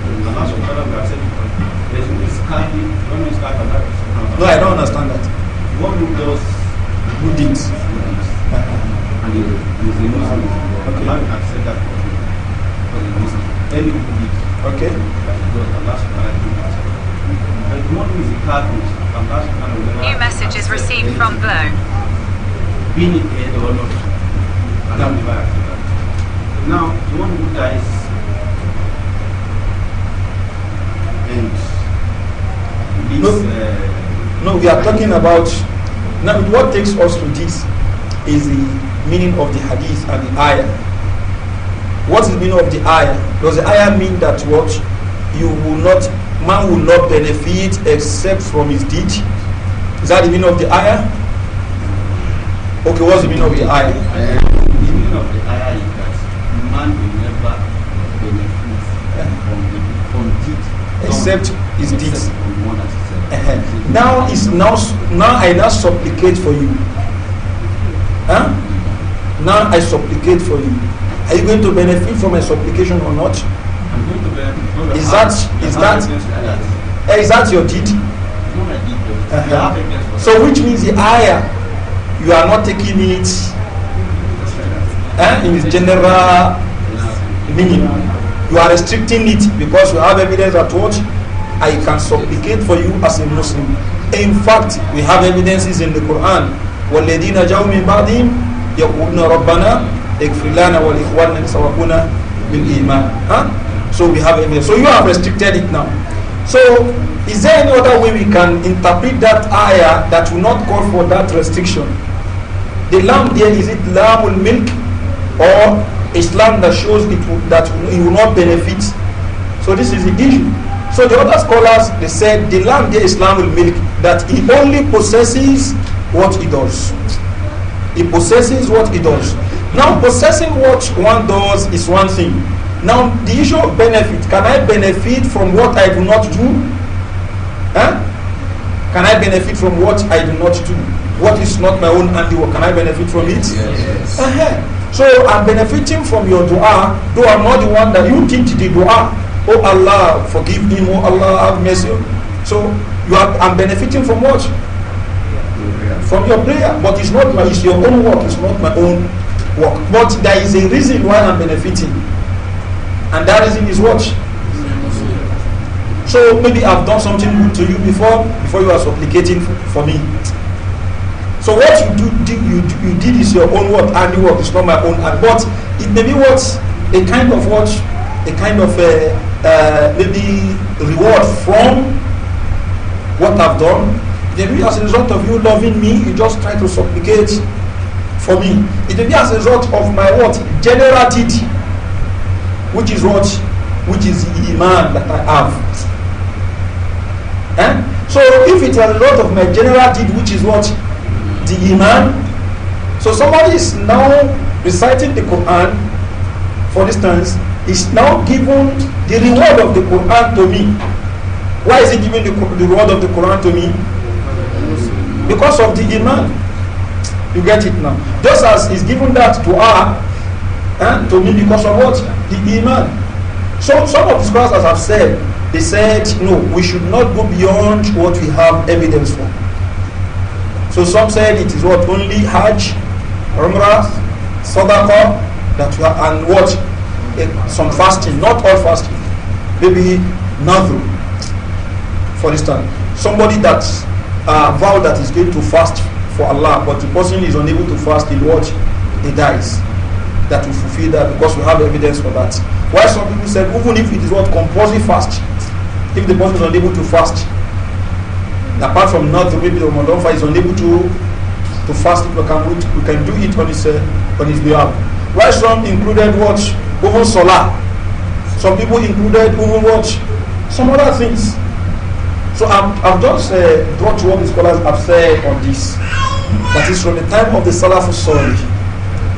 Speaker 1: no I don't understand that. What do those And the Muslim okay. Allah has said that for you. For the Muslim. Any Okay. That is Allah subhanahu wa ta'ala and Allah subhanahu wa ta'ala. New message is received from below. Being or not. Now, the one who dies and no, uh, no, we are talking about now what takes us to this is the meaning of the hadith and the ayah. What is the meaning of the ayah? Does the ayah mean that what you will not man will not benefit except from his deed? Is that the meaning of the ayah? Okay, what's the meaning of the ayah? The meaning of the ayah is that man will except his deeds. now is now now I now supplicate for you. Huh? Now I supplicate for you. Are you going to benefit from my supplication or not? Is that is that eh, is that your deed? Uh -huh. So which means the higher you are not taking it eh, in its general meaning. You are restricting it because you have evidence that what I can supplicate for you as a Muslim. In fact, we have evidences in the Quran. وَالَّذِينَ جَاءُوا مِنْ بَعْدِهِمْ رَبَّنَا بِالْإِيمَانِ huh? So we have evidence. So you have restricted it now. So is there any other way we can interpret that ayah that will not call for that restriction? The lamb there, is it will milk or Islam that shows it will, that it will not benefit. So this is the issue. So the other scholars they said the land the Islam will milk that he only possesses what he does. He possesses what he does. Now possessing what one does is one thing. Now the issue of benefit. Can I benefit from what I do not do? Huh? Can I benefit from what I do not do? What is not my own handiwork? Can I benefit from it? Yes. Uh -huh. So I'm benefiting from your dua, though I'm not the one that you think the dua. Oh Allah, forgive him. Oh Allah, have mercy. So you are, I'm benefiting from what? From your prayer. But it's not my, it's your own work. It's not my own work. But there is a reason why I'm benefiting. And that reason is what? So maybe I've done something good to you before, before you are supplicating for me. So what you do, did, you, you did is your own work, work is not my own hand. But it may be what a kind of what a kind of a, uh, uh, maybe reward from what I've done. Maybe as a result of you loving me, you just try to supplicate for me. It may be as a result of my what general which is what, which is the iman that I have. Eh? So if it's a result of my general deed, which is what the Iman. So somebody is now reciting the Quran, for instance, is now given the reward of the Quran to me. Why is he giving the, the reward of the Quran to me? Because of the Iman. You get it now. Just as is given that to her, and eh, to me because of what? The Iman. So some of the scholars, as I've said, they said, no, we should not go beyond what we have evidence for. So some said it is what only Hajj, Umrah, Sadaqah, that you are, and what some fasting, not all fasting. Maybe Nadru, for instance, somebody that uh, vowed that is going to fast for Allah, but the person is unable to fast, he what he dies. That will fulfill that because we have evidence for that. Why some people said even if it is what compulsory fast, if the person is unable to fast, apart from not maybe the Moldova is unable to to fast we can we can do it on his uh, on his behalf. Why some included watch even solar, some people included even watch some other things. So I've, I've just uh, brought what the scholars have said on this. That is from the time of the Salafus Sali.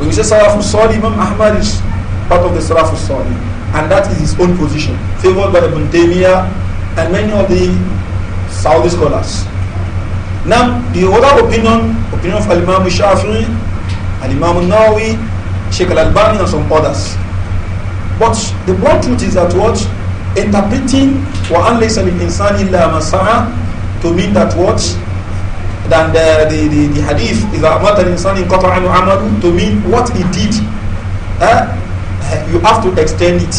Speaker 1: When we say Salafus Sali, Imam Ahmad is part of the Salafus Sali. And that is his own position, favored by Ibn Taymiyyah and many of the Saudi scholars. Now, the other opinion, opinion of Al-Imam Shafi'i, Al-Imam Nawawi, Sheikh Al-Albani and some others. But the broad truth is that what? Interpreting وَأَنْ لَيْسَ insan إِلَّا مَسَعَى to mean that what? Than the, the, the, the hadith, إِذَا أَمَتَ الْإِنسَانِ انْقَطَعَ عَمَلُ to mean what he did. Eh? You have to extend it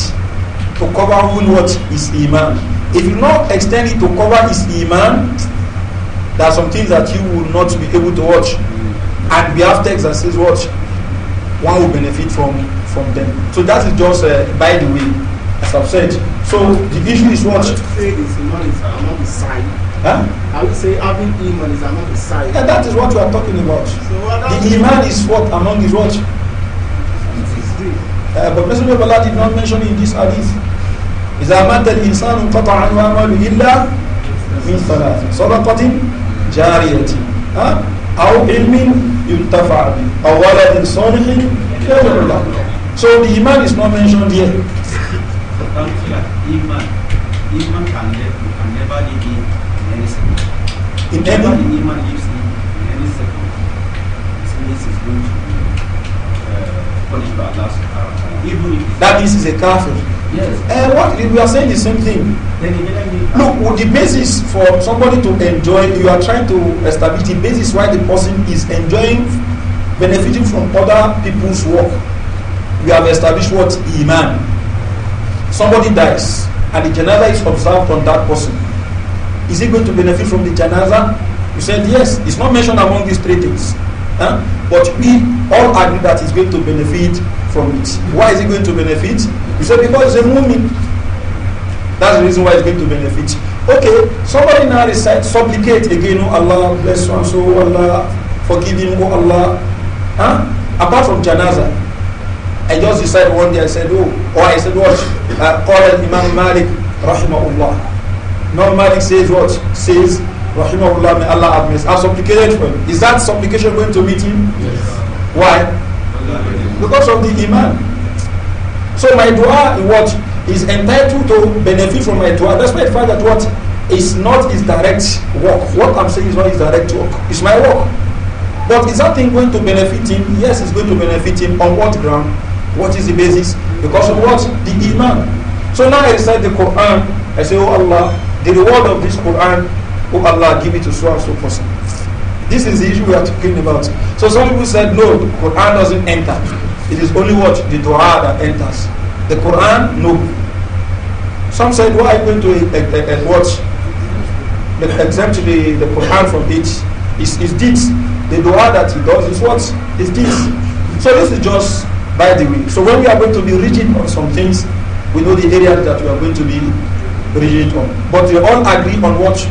Speaker 1: to cover even what is iman. If you not extend it to cover his iman, there are some things that you will not be able to watch. Mm. And we have texts that says watch. One will benefit from from them. So that is just uh, by the way, as I've said. So the issue is what. Say is iman is among the sign. Huh? I would say having iman is among the signs. Yeah, that is what we are talking about. So the iman is what among his what. Uh, but Messenger of Allah did not mention in this hadith. إذا مات الإنسان انقطع عنه عمله إلا من ثلاث صدقة جارية ها أو علم ينتفع به أو ولد صالح يدعو له So the iman is not mentioned here. iman, iman can, live, can never live in any second. In any? iman lives in, any second. This means it's going to be uh, punished by Allah subhanahu That means is a kafir. Yes. And eh, what we are saying the same thing. Look, with the basis for somebody to enjoy, you are trying to establish the basis why the person is enjoying, benefiting from other people's work. We have established what iman. Somebody dies, and the janaza is observed on that person. Is he going to benefit from the janaza? You said yes. It's not mentioned among these three things. Huh? But we all agree that he's going to benefit from it. Why is he going to benefit? You say because he's a mu'min. That's the reason why he's going to benefit. Okay, somebody now recite, supplicate again, oh Allah, bless one, so, oh Allah, forgive him, oh Allah. Huh? Apart from janaza, I just decided one day, I said, oh, or I said, what? Uh, Imam Malik, rahimahullah. Imam Malik says what? Says, Rahimahullah, may Allah have mercy. I supplicated for him. Is that supplication going to meet him? Yes. Why? Because of the iman. So my dua what is entitled to benefit from my dua. That's why I fact that what is not his direct work. What I'm saying is not his direct work. It's my work. But is that thing going to benefit him? Yes, it's going to benefit him. On what ground? What is the basis? Because of what? The iman. So now I recite the Quran. I say, Oh Allah, the reward of this Quran Oh Allah, give it to so and so person. This is the issue we are talking about. So some people said, no, the Quran doesn't enter. It is only what? The dua that enters. The Quran, no. Some said, why are you going to uh, eh, eh, eh, watch? Exempt the, the Quran from it. It's, it's this. The dua that he does is what? Is this. So this is just by the way. So when we are going to be rigid on some things, we know the areas that we are going to be rigid on. But we all agree on what?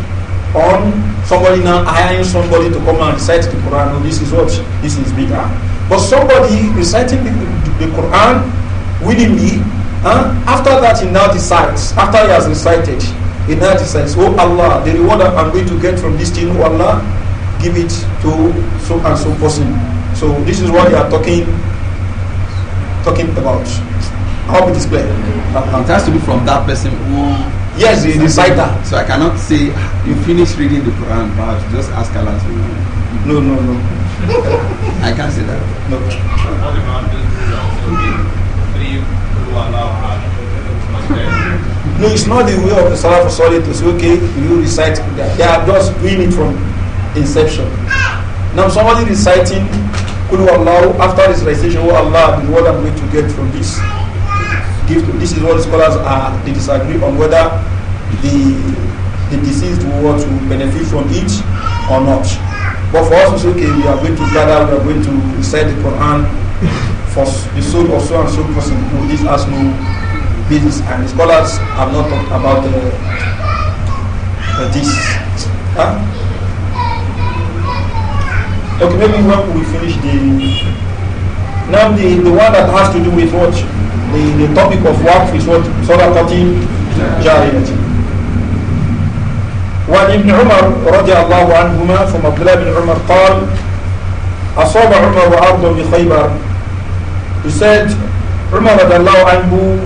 Speaker 1: on somebody now hiring somebody to come and recite the Quran. No, this is what this is bigger. But somebody reciting the, the Quran willingly, huh? after that he now decides, after he has recited, he now decides, oh Allah, the reward I'm going to get from this thing, oh Allah, give it to so and so person. So this is what you are talking talking about. I hope it is clear. It has to be from that person who Yes, the reciter. So I cannot say you finish reading the Quran, but just ask Allah to. No, no, no. I can't say that. No. No, it's not the way of the Salaf Solid to say, okay, you recite that. They are just doing it from inception. Now, somebody reciting Kulu Allah after this recitation, oh Allah, what I'm going to get from this give to. This is what scholars are, they disagree on whether the, the deceased will to benefit from it or not. But for us to say, okay, we are going to gather, we are going to recite the Quran for the soul of so and so person, who this has no business. And the scholars have not talked about the, uh, this. Huh? Okay, maybe when we finish the Now the, the one that has to do with what the, the topic of what is what Sadaqati Jariyati. وعن ابن عمر رضي الله عنهما ثم عبد الله بن عمر قال أصاب عمر أرضا بخيبر He said Umar رضي الله عنه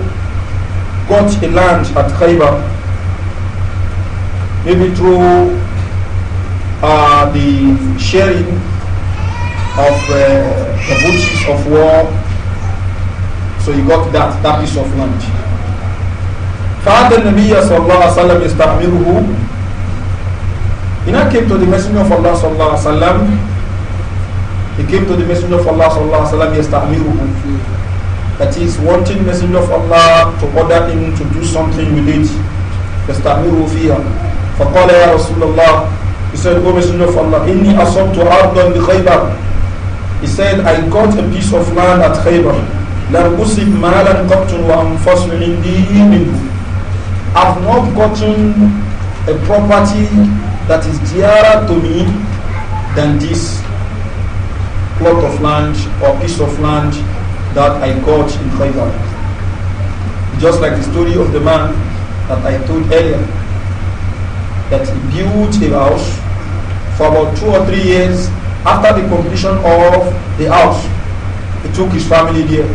Speaker 1: got a land at Khaybar maybe through uh, the sharing of uh, the booty of war. So he got that, that piece of land. فَعَدَ النَّبِيَّ صَلَّى اللَّهُ عَلَيْهِ وَسَلَّمْ يَسْتَعْمِرُهُ He now came to the Messenger of Allah sallallahu alaihi wasallam. He came to the Messenger of Allah sallallahu alaihi wasallam يَسْتَعْمِرُهُ That is wanting Messenger of Allah to order him to do something with it. يَسْتَعْمِرُهُ فِيهَا فَقَالَ يَا رَسُولَ اللَّهِ He said, O Messenger of Allah, إِنِّي أَصَبْتُ عَرْضًا بِخَيْبَرٍ he said, I got a piece of land at Khaybar. لم أصب مالا قط وأنفصل عندي منه I've not gotten a property that is dearer to me than this plot of land or piece of land that I got in Khaybar. Just like the story of the man that I told earlier, that he built a house for about two or three years after the completion of the house, he took his family there.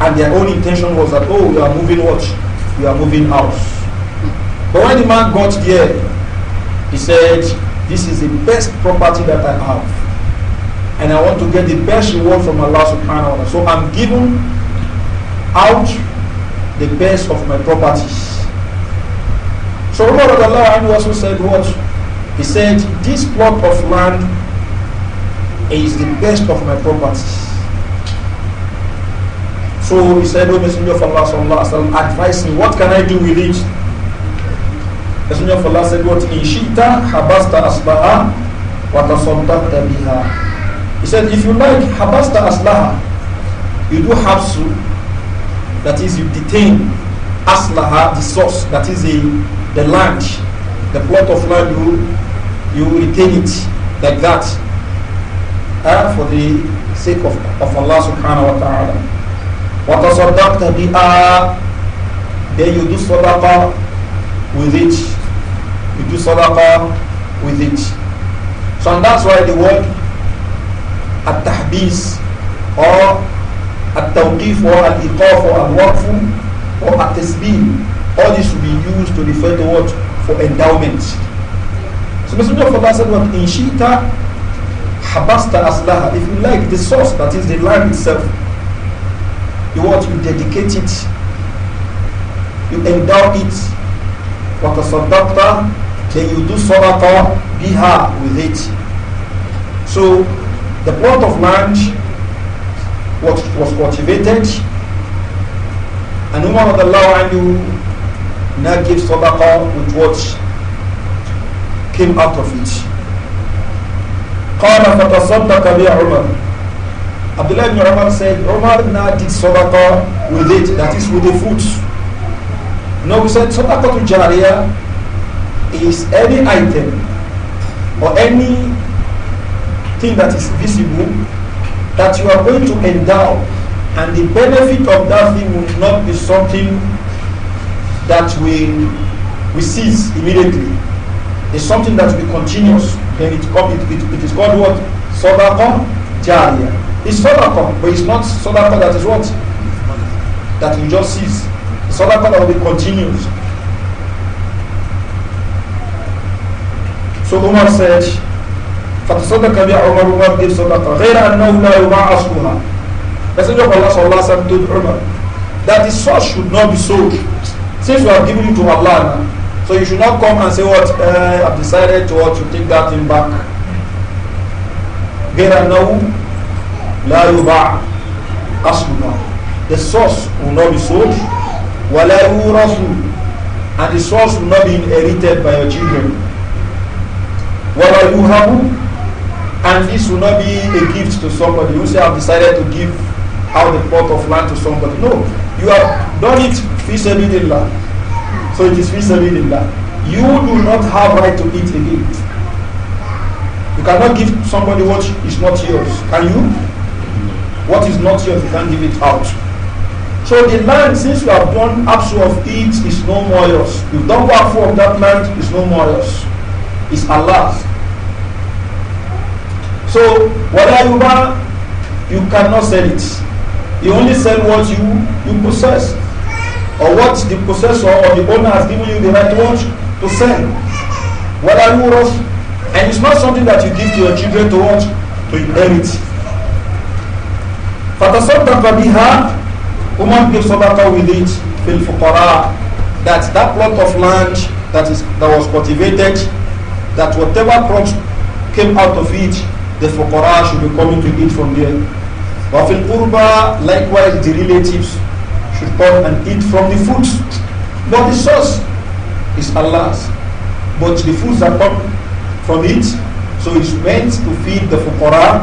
Speaker 1: And their own intention was that, oh, we are moving what? We are moving house. But when the man got there, he said, this is the best property that I have. And I want to get the best reward from Allah subhanahu wa ta'ala. So I'm giving out the best of my properties. So Umar also said what? He said, this plot of land is the best of my properties. So he said, O oh, Messenger of Allah sallallahu Allah, advise me, what can I do with it? Messenger of Allah said, what in shita habasta aslaha watasonta tasaddaqta He said, if you like habasta aslaha, you do habsu, that is you detain aslaha, the source, that is the, the land, the plot of land, you, you retain it like that uh, for the sake of, of Allah subhanahu wa ta'ala. وَتَصَدَّقْتَ بِهَا Then you do sadaqah with it. You do sadaqah with it. So and that's why the word at-tahbis or at-tawqif or al-iqaf or al-waqf or at-tasbih all this should be used to refer to what? For endowment. So Messenger of Allah said what? In Shita habasta aslaha, if you like, the source, that is the life itself, you want, you dedicate it, you endow it, وتصدقت, then you do sadaqah biha with it. So, the plot of land was, was cultivated, and Umar knew, now gives sadaqah with what came out of it. قال فتصدق بي عمر Abdullah ibn Umar said Umar now did sadaqah with it that is with the food now we said sadaqah to jariyah is any item or any thing that is visible that you are going to endow and the benefit of that thing will not be something that we we seize immediately. It's something that will be continuous then it, come, it, it, it is called what? Sadaqa Jariyah. It's Sadaqa, but it's not Sadaqa that is what? That you just sees. It's that will be continuous. So Umar said, فتصدق بها عمر Umar gave صدقة غير أنه لا يباع أصلها Messenger of Allah صلى الله عليه وسلم told Umar that the source should not be sold since we have given it to Allah now So you should not come and say, what, uh, I've decided to what, to take that thing back. Geranahu la yuba' asuna. The source will not be sold. Wala yurasu. And the source will not be inherited by your children. Wala yuhabu. And this will not be a gift to somebody. You say, I've decided to give out the plot of land to somebody. No. You have done it vis a So it is in that You do not have right to eat again. You cannot give somebody what is not yours. Can you? What is not yours, you can't give it out. So the land, since you have done absence of it, is no more yours. You've done work for that land, is no more yours. It's Allah's. So whatever you buy, you cannot sell it. You only sell what you you possess or what the possessor or the owner has given you the right to to sell. What are you worth? And it's not something that you give to your children to watch, to inherit. فَتَصَدَّقَ بِهَا Woman gives sadaqah with it fil fuqara that that plot of land that is that was cultivated that whatever crops came out of it the fuqara should be coming to eat from there. وَفِي الْقُرْبَى likewise the relatives should come and eat from the food. But the source is Allah's. But the foods that come from it, so it's meant to feed the fuqara,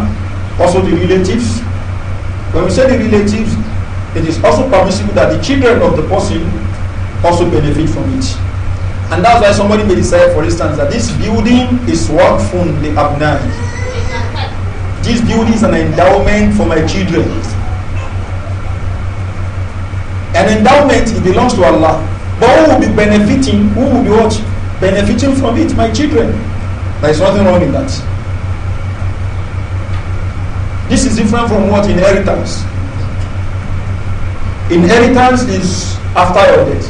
Speaker 1: also the relatives. When we say the relatives, it is also permissible that the children of the person also benefit from it. And that's why somebody may decide, for instance, that this building is work from the Abnai. This building is an endowment for my children. An endowment, it belongs to Allah. But who will be benefiting? Who will be what? Benefiting from it? My children. There is nothing wrong in that. This is different from what inheritance. Inheritance is after your death.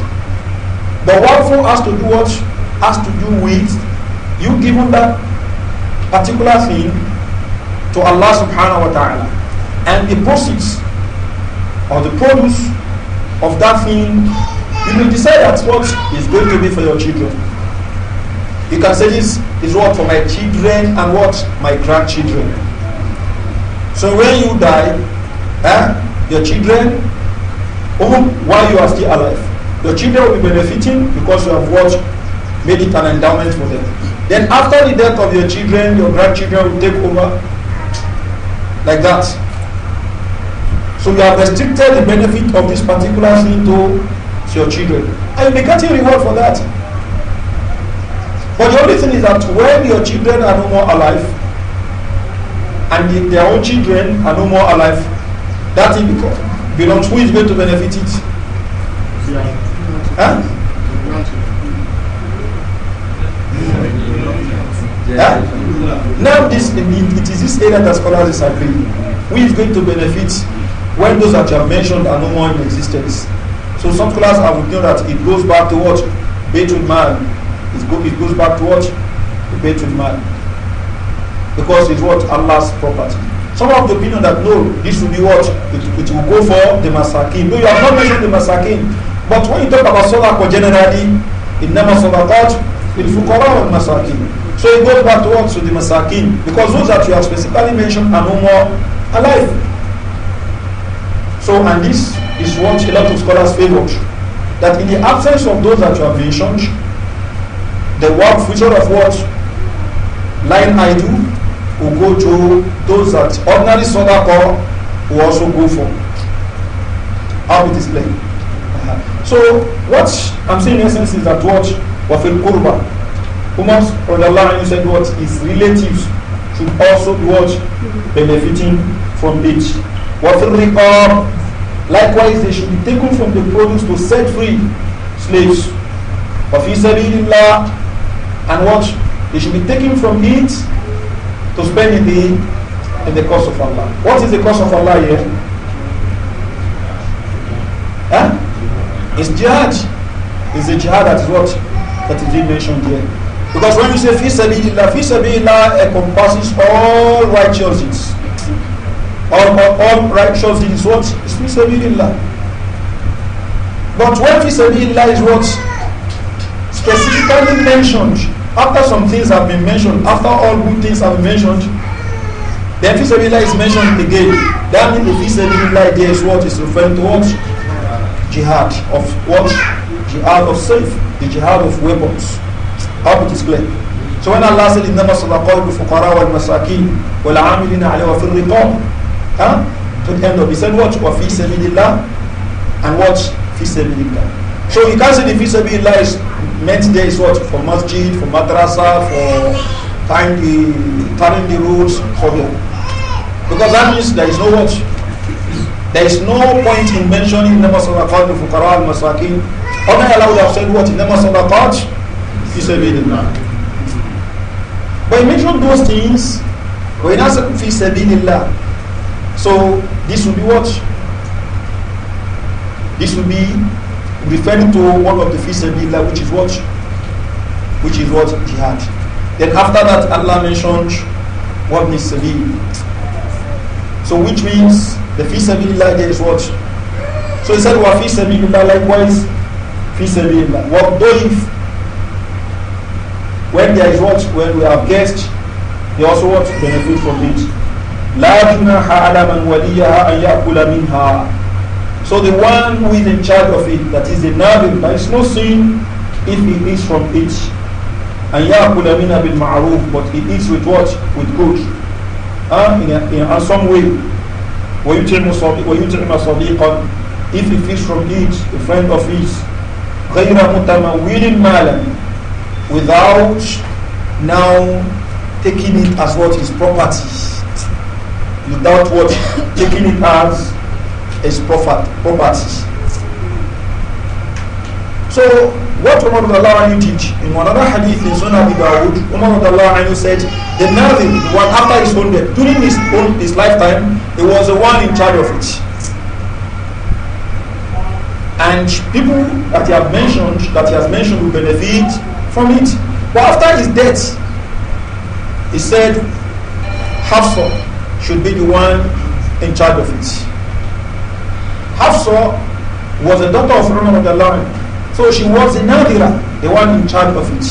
Speaker 1: But what has to do what has to do with you giving that particular thing to Allah subhanahu wa ta'ala. And the proceeds or the produce of that thing, you will decide that what is going to be for your children. You can say this is what for my children and what my grandchildren. So when you die, eh, your children, even oh, while you are still alive, your children will be benefiting because you have what made it an endowment for them. Then after the death of your children, your grandchildren will take over like that. So you have restricted the benefit of this particular thing to, your children. And you'll be getting reward for that. But the only thing is that when your children are no more alive, and the, their own children are no more alive, that thing belongs, who is going to benefit it? Yeah. Huh? Yeah. Now this it is this area that scholars disagree. Who is going to benefit when those that you have mentioned are no more in existence. So some scholars have known that it goes back to what? Beitul Man. It, go, it goes back to what? Beitul Man. Because it's what? Allah's property. Some of the opinion that no, this will be what? It, it will go for the Masakin. No, you have not mentioned the Masakin. But when you talk about Sadaqah generally, it never إنما صدقات للفقراء masakin. So it goes back to what? To the Masakin. Because those that you have specifically mentioned are no more alive. So, and this is what a lot of scholars favored. That in the absence of those that you have mentioned, the one future of what line I do will go to those that ordinary solar power will also go for. How it is playing. Uh -huh. So what I'm saying in essence is that what wafil kurba, Umar you said what is relatives should also be what benefiting from it. وَفِرِّقَابِ Likewise, they should be taken from the produce to set free slaves. وَفِي سَبِيلِ اللَّهِ And what? They should be taken from it to spend in the, in the cause of Allah. What is the cause of Allah here? Huh? is jihad. Is the jihad that is what? That is being mentioned here. Because when you say fi sabilillah, fi sabilillah encompasses all righteousness or, or, or righteous deeds, what? It's fisabilillah. But what when fisabilillah is what? Specifically mentioned, after some things have been mentioned, after all good things have been mentioned, then fisabilillah is mentioned again. That means the fisabilillah there is what is referring to what? Jihad of what? Jihad of self, the jihad of weapons. How it is clear. So when Allah said, إِنَّمَا صَدَقَاتُ الْفُقَرَاءِ وَالْمَسَاكِينِ وَالْعَامِلِينَ عَلَيْهِ وَفِي الرِّقَابِ huh? to the end of. He said, What? Wa fi sabilillah and what? Fi sabilillah. So you can't say the fi sabilillah is meant there is what? For masjid, for madrasa, for tying the, turning the roads, for here. Because that means there is no what? There is no point in mentioning Nama Sadaqat al Fuqara al Masakin. Only Allah would have said what? Nama Sadaqat fi sabilillah. But he mentioned those things. When he said fi sabilillah, So this will be what? This will be referring to one of the fisabilillah, which is what? Which is what? Jihad. Then after that, Allah mentioned to be. So which means the fisabilillah there is what? So he said, wa fisabilillah likewise, fisabilillah. What if When there is what? When we have guests, they also what? Benefit from it. لا جناح على من وليها أن يأكل منها So the one who is in charge of it, that is the but there is no sin if he eats from it. And يأكل منها بالمعروف, but he eats with what? With good. Uh, in, a, in a, some way. ويطعم صديقا if he feeds from it, a friend of his. غير متمول مالا without now taking it as what is property without what <coughs> taking it as his profit, property. So what Umar Allah, you teach in another hadith in Sunnah Abu Dawud, Umar radiallahu anhu said, the Nazi, the one after his own death, during his own his lifetime, he was the one in charge of it. And people that he has mentioned, that he has mentioned will benefit from it. But after his death, he said, Hafsah, should be the one in charge of it. Hafsa was a daughter of Umar of the Lion, so she was the Nadira, the one in charge of it.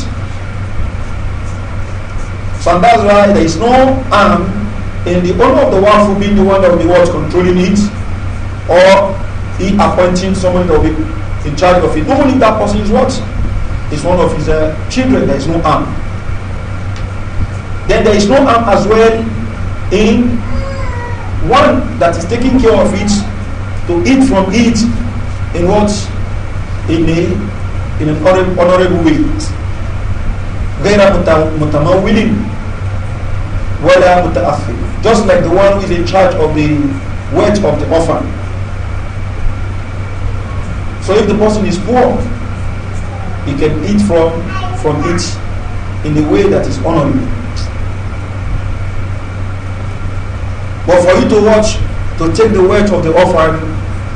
Speaker 1: So that's why there is no arm in the owner of the waffle being the one that will be what controlling it, or he appointing someone that will be in charge of it. Only if that person is what is one of his uh, children, there is no arm. Then there is no arm as well in one that is taking care of it to eat from it in what in a in an honorable way غير متمول ولا متأخر just like the one who is in charge of the weight of the orphan so if the person is poor he can eat from from it in a way that is honorable But for you to watch, to take the weight of the offering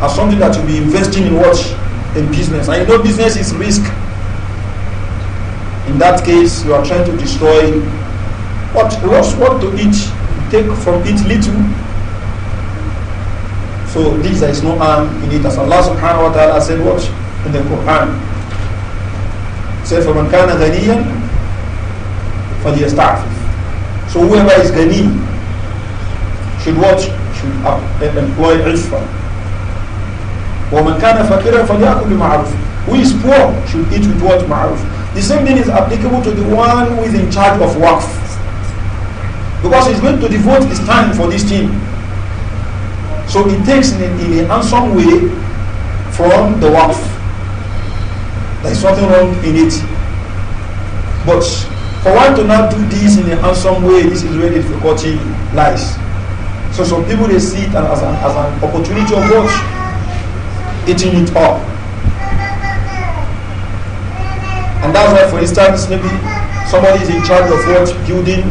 Speaker 1: as something that you'll be investing in watch, In business. And you know business is risk. In that case, you are trying to destroy what what's what to eat. Take from it little. So this there is no harm in it. As Allah subhanahu wa ta'ala said watch In the Quran. Say فَمَنْ for غَنِيًّا staff. So whoever is ghani, should watch, Should uh, employ ilfa. وَمَنْ كَانَ فَقِيرًا فَلْيَأْكُلْ بِمَعْرُوفٍ Who is poor should eat with what? Ma'ruf. The same thing is applicable to the one who is in charge of work, Because he's going to devote his time for this team. So he takes in, in a handsome way from the work. There is nothing wrong in it. But for one to not do this in a handsome way, this is where the difficulty lies. So some people they see it as an, as an opportunity of what? Eating it up. And that's why, for instance, maybe somebody is in charge of what? Building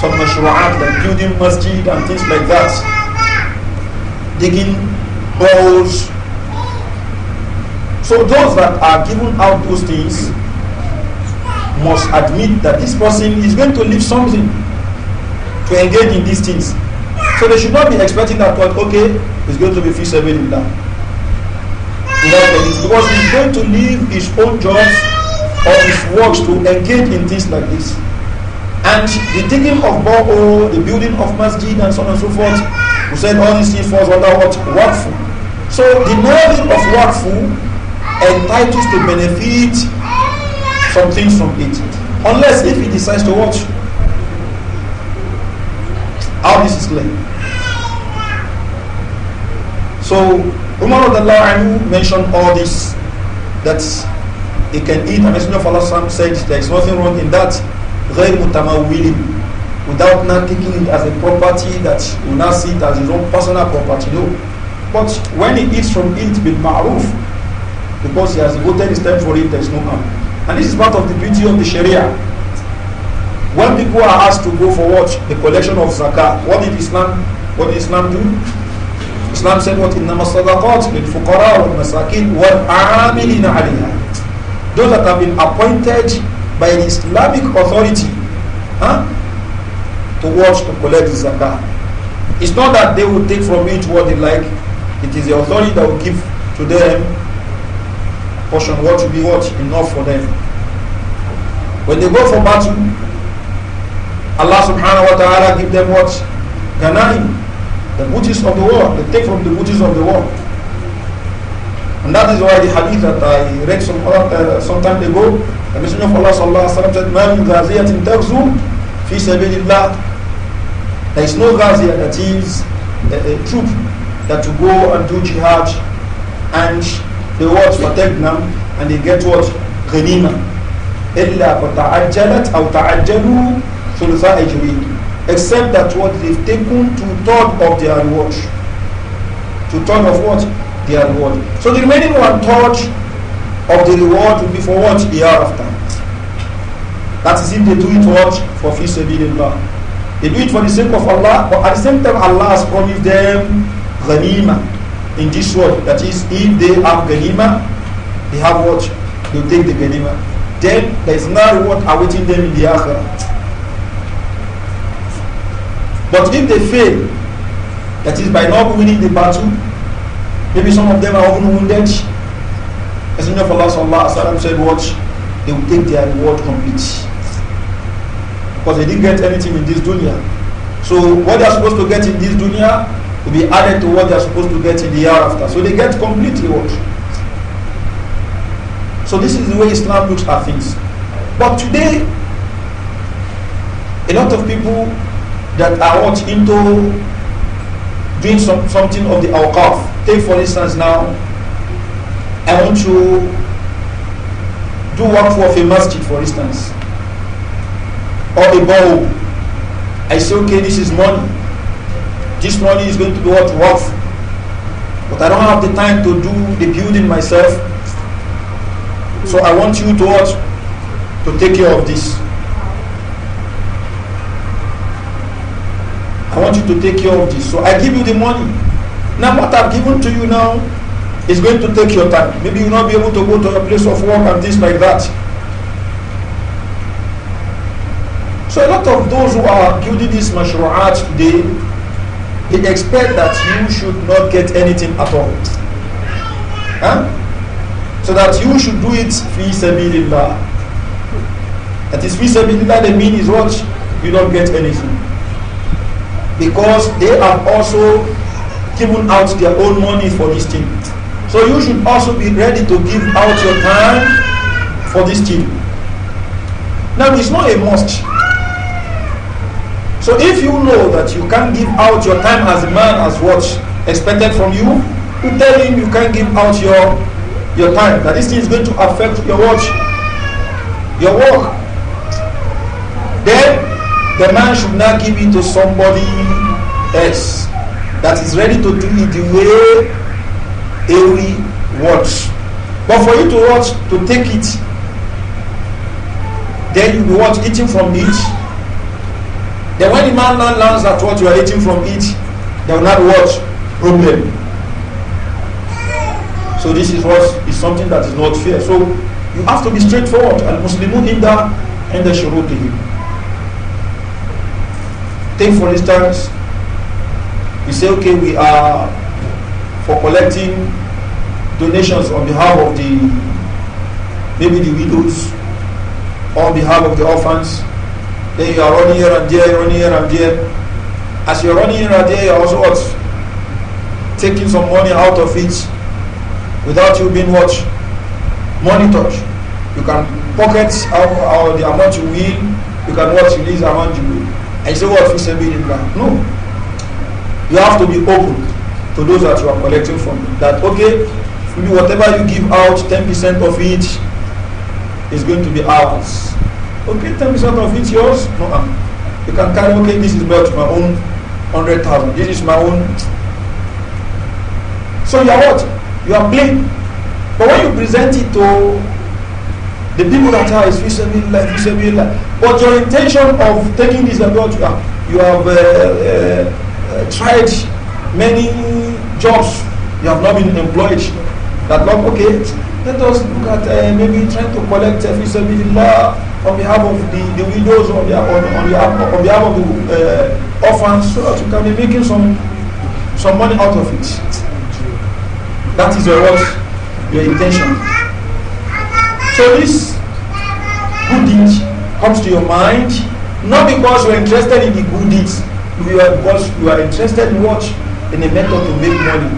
Speaker 1: some mashru'at, like building masjid and things like that. Digging wells. So those that are giving out those things must admit that this person is going to leave something to engage in these things. So they should not be expecting that point, okay, it's going to be fixed every now. Because he's going to leave his own jobs or his works to engage in things like this. And the digging of borehole, the building of masjid and so on and so forth, we said all these things falls under what? workful So the knowledge of workful entitles to benefit some things from it. Unless if he decides to watch. How this is clear. So Umar mentioned all this that he can eat. And Messenger of Allah said there is nothing wrong in that. غير without not taking it as a property that will not see it as his own personal property. No. But when he eats from it with ma'ruf, because he has devoted his time for it, there is no harm. And this is part of the beauty of the Sharia. When people are asked to go for what? The collection of zakat, What did Islam what did Islam do? Islam said what? إِنَّمَا الصَّدَقَاتِ masakin وَالْمَسَاكِينِ وَالْعَامِلِينَ عَلَيْهَا Those that have been appointed by the Islamic authority huh, to watch, to collect the zakah. It's not that they will take from each what they like. It is the authority that will give to them portion what will be what enough for them. When they go for battle, Allah subhanahu wa ta'ala give them what? Ganaim. The booties of the world. They take from the booties of the world. And that is why the hadith that I read some, uh, some time ago, the Messenger of Allah sallallahu alaihi wasallam said, "Man ghaziyatin tagzu fi sabilillah." There is no ghaziyah that is a, uh, a uh, troop that to go and do jihad, and they watch them, and they get what ghanima. إلا فتعجلت أو تعجلوا ثلثاء جبين except that what they've taken to third of their reward. To third of what? Their reward. So the remaining one third of the reward will be for what? after. That is if they do it what? For fisabilillah. They do it for the sake of Allah, but at the same time Allah has promised them ghanima in this world. That is, if they have ghanima, they have what? They take the ghanima. Then there is no reward awaiting them in the akhirah. But if they fail, that is by not winning the battle, maybe some of them are even wounded. As Messenger of Allah sallallahu alaihi wasallam said, "Watch, they will take their reward complete because they didn't get anything in this dunya. So what they are supposed to get in this dunya will be added to what they are supposed to get in the year after. So they get complete reward. So this is the way Islam looks at things. But today, a lot of people that I want into doing some, something of the awqaf. Take for instance now, I want to do work for a masjid for instance, or a bowl. I say, okay, this is money. This money is going to be what work? But I don't have the time to do the building myself. So I want you to what? To take care of this. want you to take care of this. So I give you the money. Now what I've given to you now is going to take your time. Maybe you'll not be able to go to a place of work and this like that. So a lot of those who are building these mashru'at today, they expect that you should not get anything at all. Huh? So that you should do it fi sabilillah. That is fi sabilillah, the mean is what? You don't get anything because they have also given out their own money for this team. So you should also be ready to give out your time for this team. Now it's not a must. So if you know that you can't give out your time as a man as what expected from you, you tell him you can't give out your your time. That this thing is going to affect your watch, your work. Then The man should now give it to somebody else that is ready to do it the way every watch. But for you to watch To take it, then you be what? Eating from it. Then when the man now learns that what you are eating from it, they will not watch. Problem. So this is what is something that is not fair. So you have to be straightforward. Al-Muslimun inda inda shurutihim. Take for instance, we say, okay, we are for collecting donations on behalf of the maybe the widows, on behalf of the orphans. Then you are running here and there, running here and there. As you're running here and there, you're also what? Taking some money out of it without you being what? Monitored. You can pocket out, out the amount you will, you can what release amount you will. and say, What you fix sabilillah? No. You have to be open to those that you are collecting from. That okay, maybe whatever you give out, ten percent of it is going to be ours. Okay, ten percent of it yours. No, um, you can carry, okay, this is about my own hundred thousand. This is my own. So you are what? You are playing. But when you present it to The people that are is fisabilillah, But your intention of taking this abroad, you have, you have uh, uh, uh, tried many jobs, you have not been employed. That not okay. Let us look at uh, maybe trying to collect uh, fisabilillah on behalf of the, the widows, on behalf, on, on behalf, on behalf of the uh, orphans, so that you can be making some some money out of it. That is your what? Your intention. Stories, good deeds comes to your mind, not because you're interested in the good deeds, you are because you are interested in what? In a method to make money.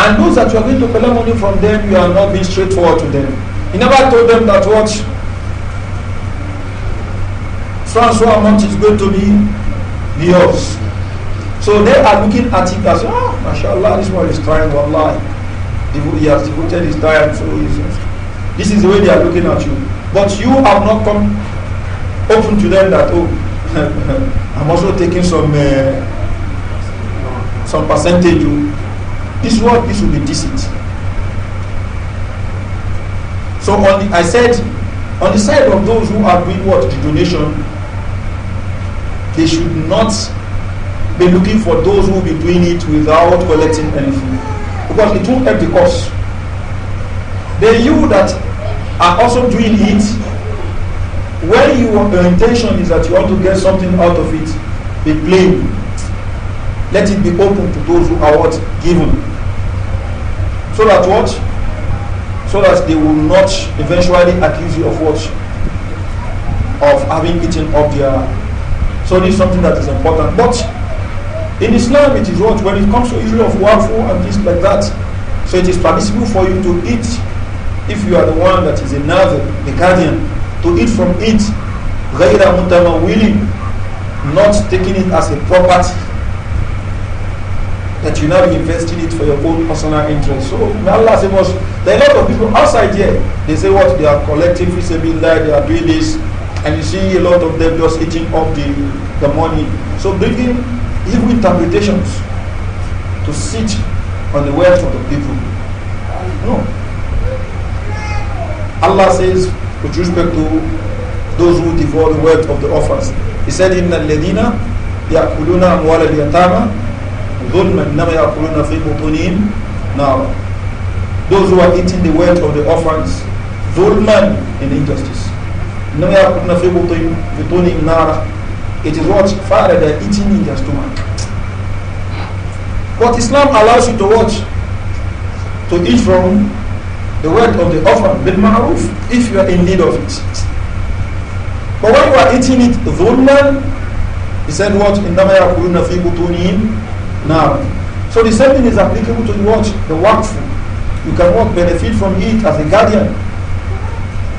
Speaker 1: And those that you are going to collect money from them, you are not being straightforward to them. You never told them that what Francois amount is going to be yours. So they are looking at it as, ah, oh, mashallah, this one is trying to lie he has devoted his time to This is the way they are looking at you. But you have not come open to them that, oh, <laughs> I'm also taking some uh, some percentage. Oh. This what this will be decent. So on the, I said, on the side of those who are doing what the donation, they should not be looking for those who will be doing it without collecting anything because it won't help the cause. The you that are also doing it, when your intention is that you want to get something out of it, be plain. Let it be open to those who are what given. So that what? So that they will not eventually accuse you of what? Of having eaten up their. So this is something that is important. But in Islam, it is what? When it comes to issue of waffle and things like that, so it is permissible for you to eat if you are the one that is a the guardian, to eat from it, غَيْرَ مُتَمَوِّلٍ Not taking it as a property that you now invest in it for your own personal interest. So Allah say much. There are a lot of people outside here. They say what they are collecting fisabilillah, they are doing this, and you see a lot of them just eating up the, the money. So bringing evil interpretations to sit on the wealth of the people. No. Allah says, with respect to those who devour the wealth of the orphans, He said, "Inna ladina يَأْكُلُونَ أَمْوَالَ الْيَتَامَى ظُلْمًا إِنَّمَا يَأْكُلُونَ فِي بُطُونِهِمْ نَارًا Those who are eating the wealth of the orphans, ظُلْمًا in injustice. إِنَّمَا يَأْكُلُونَ فِي بُطُونِهِمْ nara. it is what? Father, they're eating in their stomach. But Islam allows you to watch, to eat from the word of the orphan, bil ma'ruf, if you are in need of it. But when you are eating it, dhulman, he said what? إِنَّمَا يَقُولُونَ فِي بُطُونِهِمْ نَارٌ So the same thing is applicable to the watch, the wakf. You can cannot benefit from it as a guardian.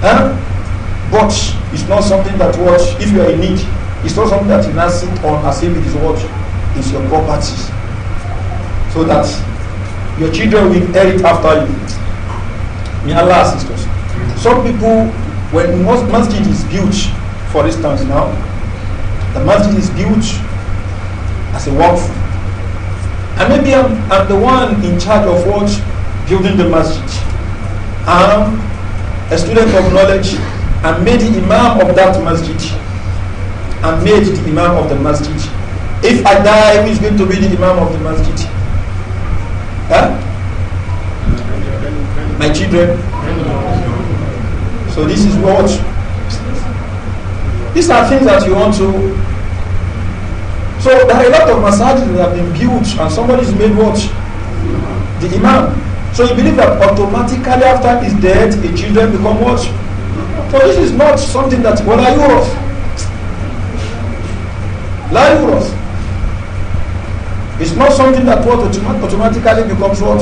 Speaker 1: Huh? But it's not something that watch, if you are in need, It's not something that you now sit on as if it is what is your property. So that your children will inherit after you. May Allah assist us. Some people, when most masjid is built, for instance now, the masjid is built as a waqf. And maybe I'm, I'm the one in charge of what? Building the masjid. I'm a student of knowledge. and made the imam of that masjid. And made the Imam of the masjid. If I die, who is going to be the Imam of the masjid? Huh? My children. So this is what. These are things that you want to. So there are a lot of massages that have been built, and somebody's made what the imam. So you believe that automatically after his death, the children become what? So this is not something that what are you of? La us, It's not something that what automatically becomes what?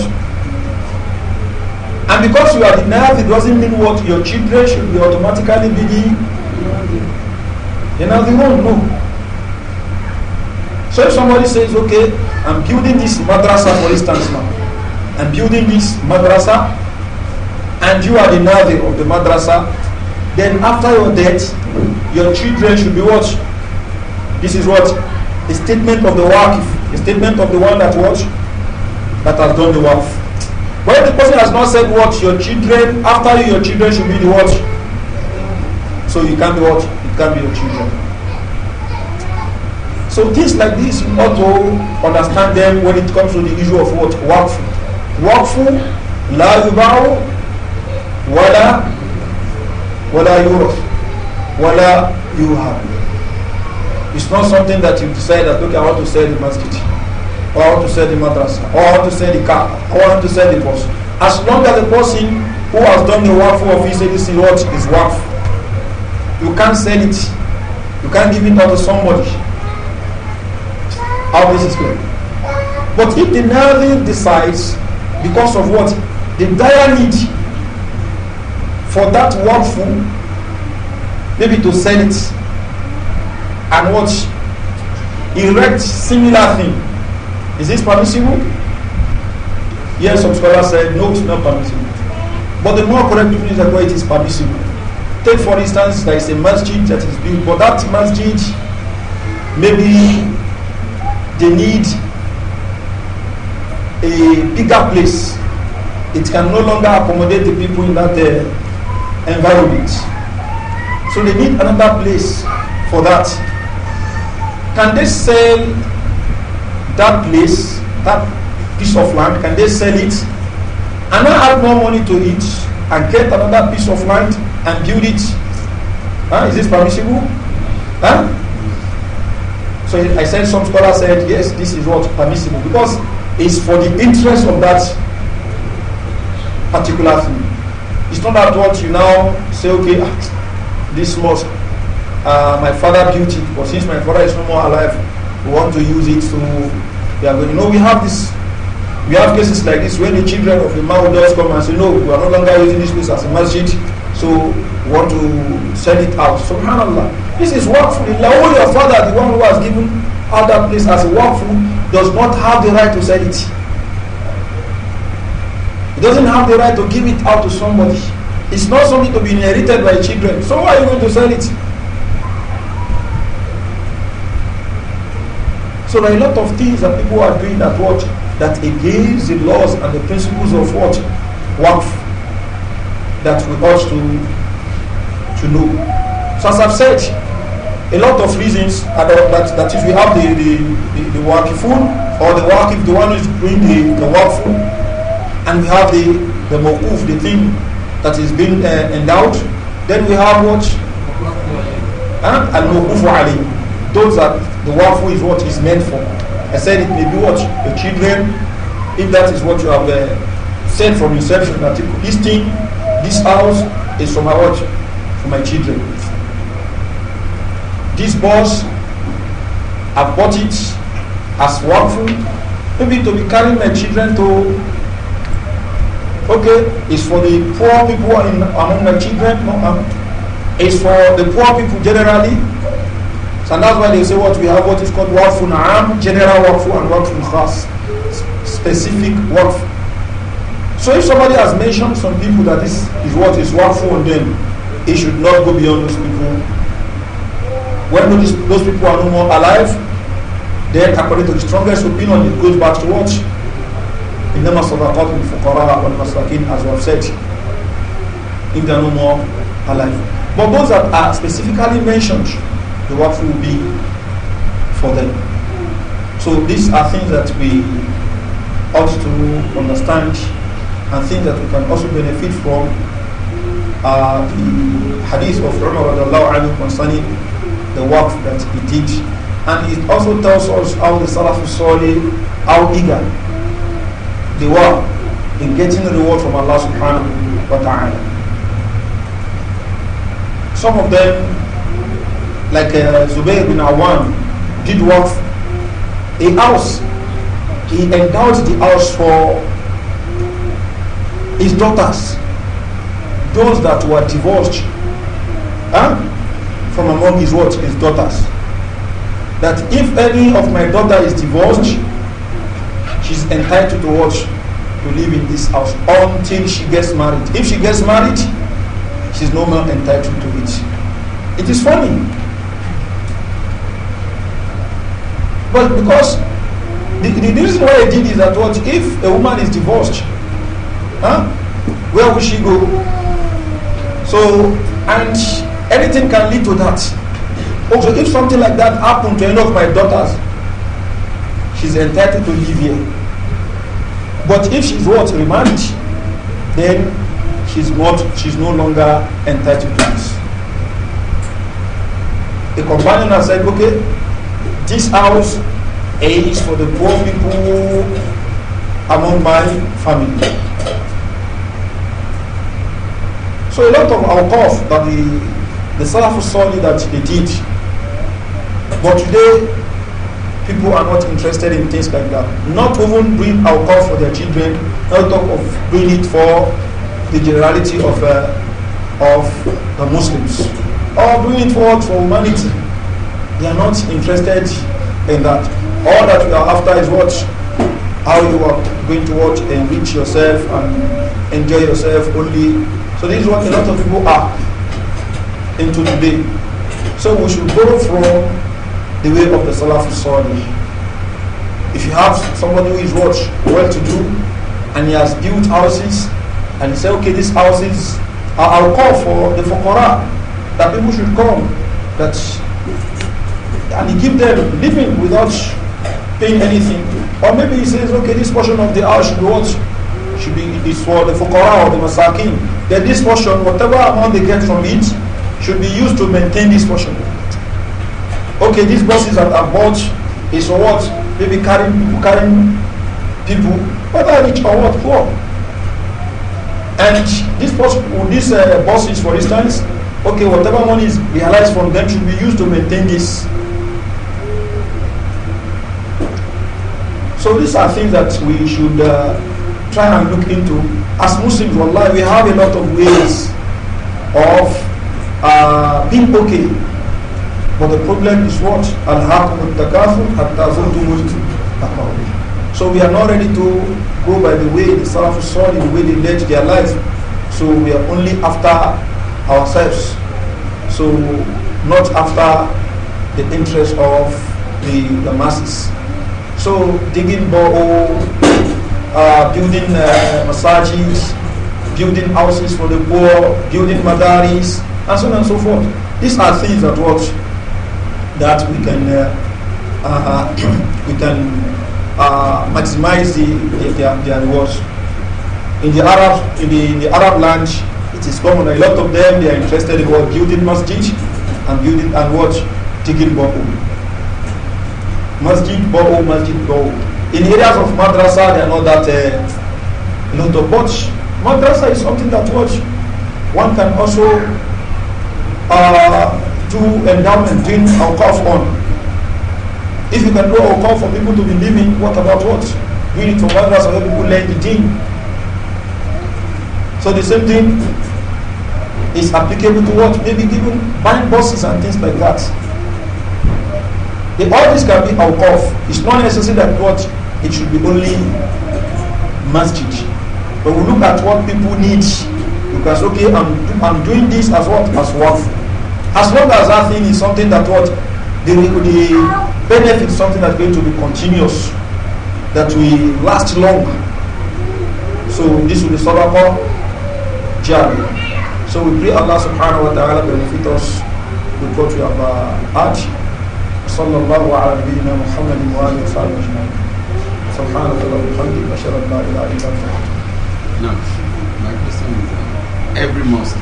Speaker 1: And because you are the it doesn't mean what your children should be automatically be the not No. So if somebody says, okay, I'm building this madrasa, for instance, now, I'm building this madrasa, and you are the navi of the madrasa, then after your death, your children should be watched This is what? A statement of the work, A statement of the one that what? That has done the work. When the person has not said what? Your children, after you, your children should be the what? So you can't be what? It can't be your children. So things like this, you ought to understand them when it comes to the issue of what? workful, Waqf لا يباع ولا ولا يورث ولا يوهب It's not something that you decide that, okay, I want to sell the masjid, or I want to sell the madrasa, or I want to sell the car, or I want to sell the bus. As long as the person who has done the work for of his this is is worth, you can't sell it. You can't give it out to somebody. How this is clear. But if the Nazir decides, because of what? The dire need for that workful, maybe to sell it and what? Erect similar thing. Is this permissible? Yes, some scholars said no, it's not permissible. But the more correct definition is that well, it is permissible. Take for instance, there is a masjid that is built, but that masjid maybe they need a bigger place. It can no longer accommodate the people in that uh, environment. So they need another place for that can they sell that place, that piece of land, can they sell it and not add more money to it and get another piece of land and build it? Huh? Is this permissible? Huh? So I said some scholar said yes, this is what permissible because it's for the interest of that particular thing. It's not that what you now say, okay, ah, this mosque uh, my father built it, but since my father is no more alive, we want to use it to they are going. You know, we have this, we have cases like this when the children of a man just come and say, no, we are no longer using this place as a masjid, so we want to sell it out. Subhanallah. This is workful. Only your father, the one who has given out that place as a workful, does not have the right to sell it. He doesn't have the right to give it out to somebody. It's not something to be inherited by children. So why are you going to sell it? So there are a lot of things that people are doing that what that against the laws and the principles of what work that we ought to to know. So as I've said, a lot of reasons that, that if we have the the, the, the wakifun or the if the one is doing the, the wakfun, and we have the the mawkuf, the thing that is being uh, endowed, then we have what? Al-Mawkufu alayhi those that the waffle is what is meant for. I said it may be what the children, if that is what you have uh, said from inception that this thing, this house is for my watch, for my children. This boss, I bought it as waffle, maybe to be carrying my children to. Okay, it's for the poor people in, among my children. No, um, it's for the poor people generally So that's why they say what we have, what is called waqfun am, general waqf and waqfun khas, specific waqf. So if somebody has mentioned some people that this is what is waqfu on them, it should not go beyond those people. When those, those people are no more alive, then according to the strongest opinion, it goes back to what? in al الصدقات للفقراء والمساكين as we have said if they are no more alive. But those that are specifically mentioned the work will be for them. So these are things that we ought to understand and things that we can also benefit from uh, the hadith of Umar concerning the work that he did. And it also tells us how the Salafus Sali how eager they were in getting the reward from Allah subhanahu wa ta'ala. Some of them like uh, Zubair bin Awan did work a house. He endowed the house for his daughters, those that were divorced huh? from among his what? His daughters. That if any of my daughter is divorced, she's entitled to what? To live in this house until she gets married. If she gets married, she's no more entitled to it. It is funny. But because the, the, reason why I did is that what if a woman is divorced, huh? Where will she go? So and anything can lead to that. Also, if something like that happened to any of my daughters, she's entitled to live here. But if she's what remarried, then she's not she's no longer entitled to this. A companion has said, okay, This house is for the poor people among my family. So a lot of awqaf that the, the Salaf Sali that they did. But today, people are not interested in things like that. Not even bring awqaf for their children, not talk of doing it for the generality of, uh, of the Muslims. Or doing it for, for humanity. They are not interested in that. All that we are after is what? How you are going to watch and reach yourself and enjoy yourself only. So this is what a lot of people are into today. So we should go from the way of the Salaf Sunni. If you have somebody who is what? Well to do and he has built houses and he say, okay, these houses, are our call for the Fuqara that people should come, that and he keep them living without paying anything. Or maybe he says, okay, this portion of the house should be Should be this for the fuqara or the masakin. Then this portion, whatever amount they get from it, should be used to maintain this portion. Okay, these buses that are bought is for what? Maybe carrying people, carrying people, whether rich or what, poor. And this bus, this uh, buses, for instance, okay, whatever money is realized from them should be used to maintain this So these are things that we should uh, try and look into. As Muslims, Allah, we have a lot of ways of uh, being okay. But the problem is what? So we are not ready to go by the way the Salaf Sudan the way they led their life. So we are only after ourselves. So not after the interest of the, the masses. So digging borehole, uh, building uh, massages, building houses for the poor, building madaris, and so on and so forth. These are things that what that we can uh, uh, uh <clears throat> we can uh, maximize the, the, their, their rewards. In the Arab in the, in the Arab land, it is common. A lot of them they are interested in what building masjid and building and what digging borehole. masjid borehole, masjid borehole. In areas of madrasa, they are not that uh, not of much. Madrasa is something that watch. One can also uh, do endowment, doing awqaf on. If you can do awqaf for people to be living, what about what? Doing it for madrasa where people learn the deen. So the same thing is applicable to what? Maybe even buying buses and things like that. The, all this can be out of. It's not necessary that what it should be only masjid. But we look at what people need. Because okay, I'm, I'm doing this as what? As worth. As long as that thing is something that what the, the benefit is something that's going to be continuous, that we last long. So this will be sadaqah journey. So we pray Allah subhanahu wa ta'ala benefit us with what we have uh, had. الله على نبينا محمد وآله وصحبه أجمعين سبحانك اللهم وبحمدك أشهد أن لا إله إلا أنت my question is every mosque,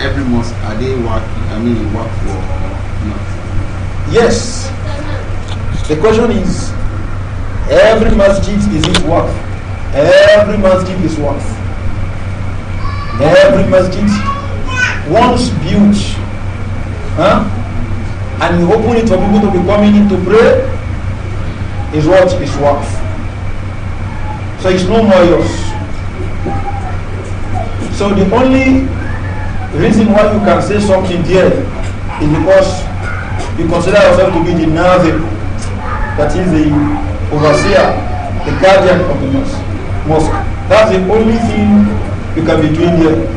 Speaker 1: every mosque, are they work, I mean, work for not? Yes. The question is, every masjid is it work? Every masjid is work. Every masjid once built Huh? And you open it for people to be coming in to pray is what is worth. So it's no more yours. So the only reason why you can say something there is because you consider yourself to be the nazir, that is the overseer, the guardian of the mosque. That's the only thing you can be doing here.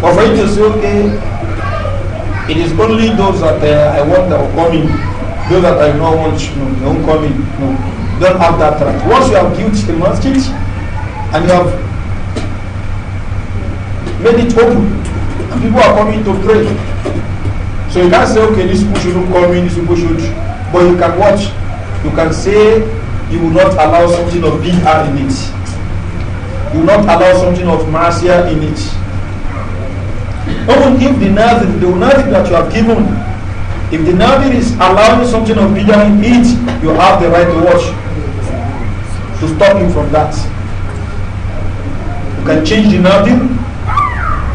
Speaker 1: But for you to say, okay, It is only those that uh, I want that are coming, those that I don't want, no, don't come in, no, don't have that right. Once you have built the masjid and you have made it open, and people are coming to pray. So you can't say, okay, this people shouldn't come in, this people should, but you can watch. You can say you will not allow something of bid'ah in it. You will not allow something of marcia in it. Even if the nazir, the nazir that you have given, if the nazir is allowing something of bidah in it, you have the right to watch to stop him from that. You can change the nazir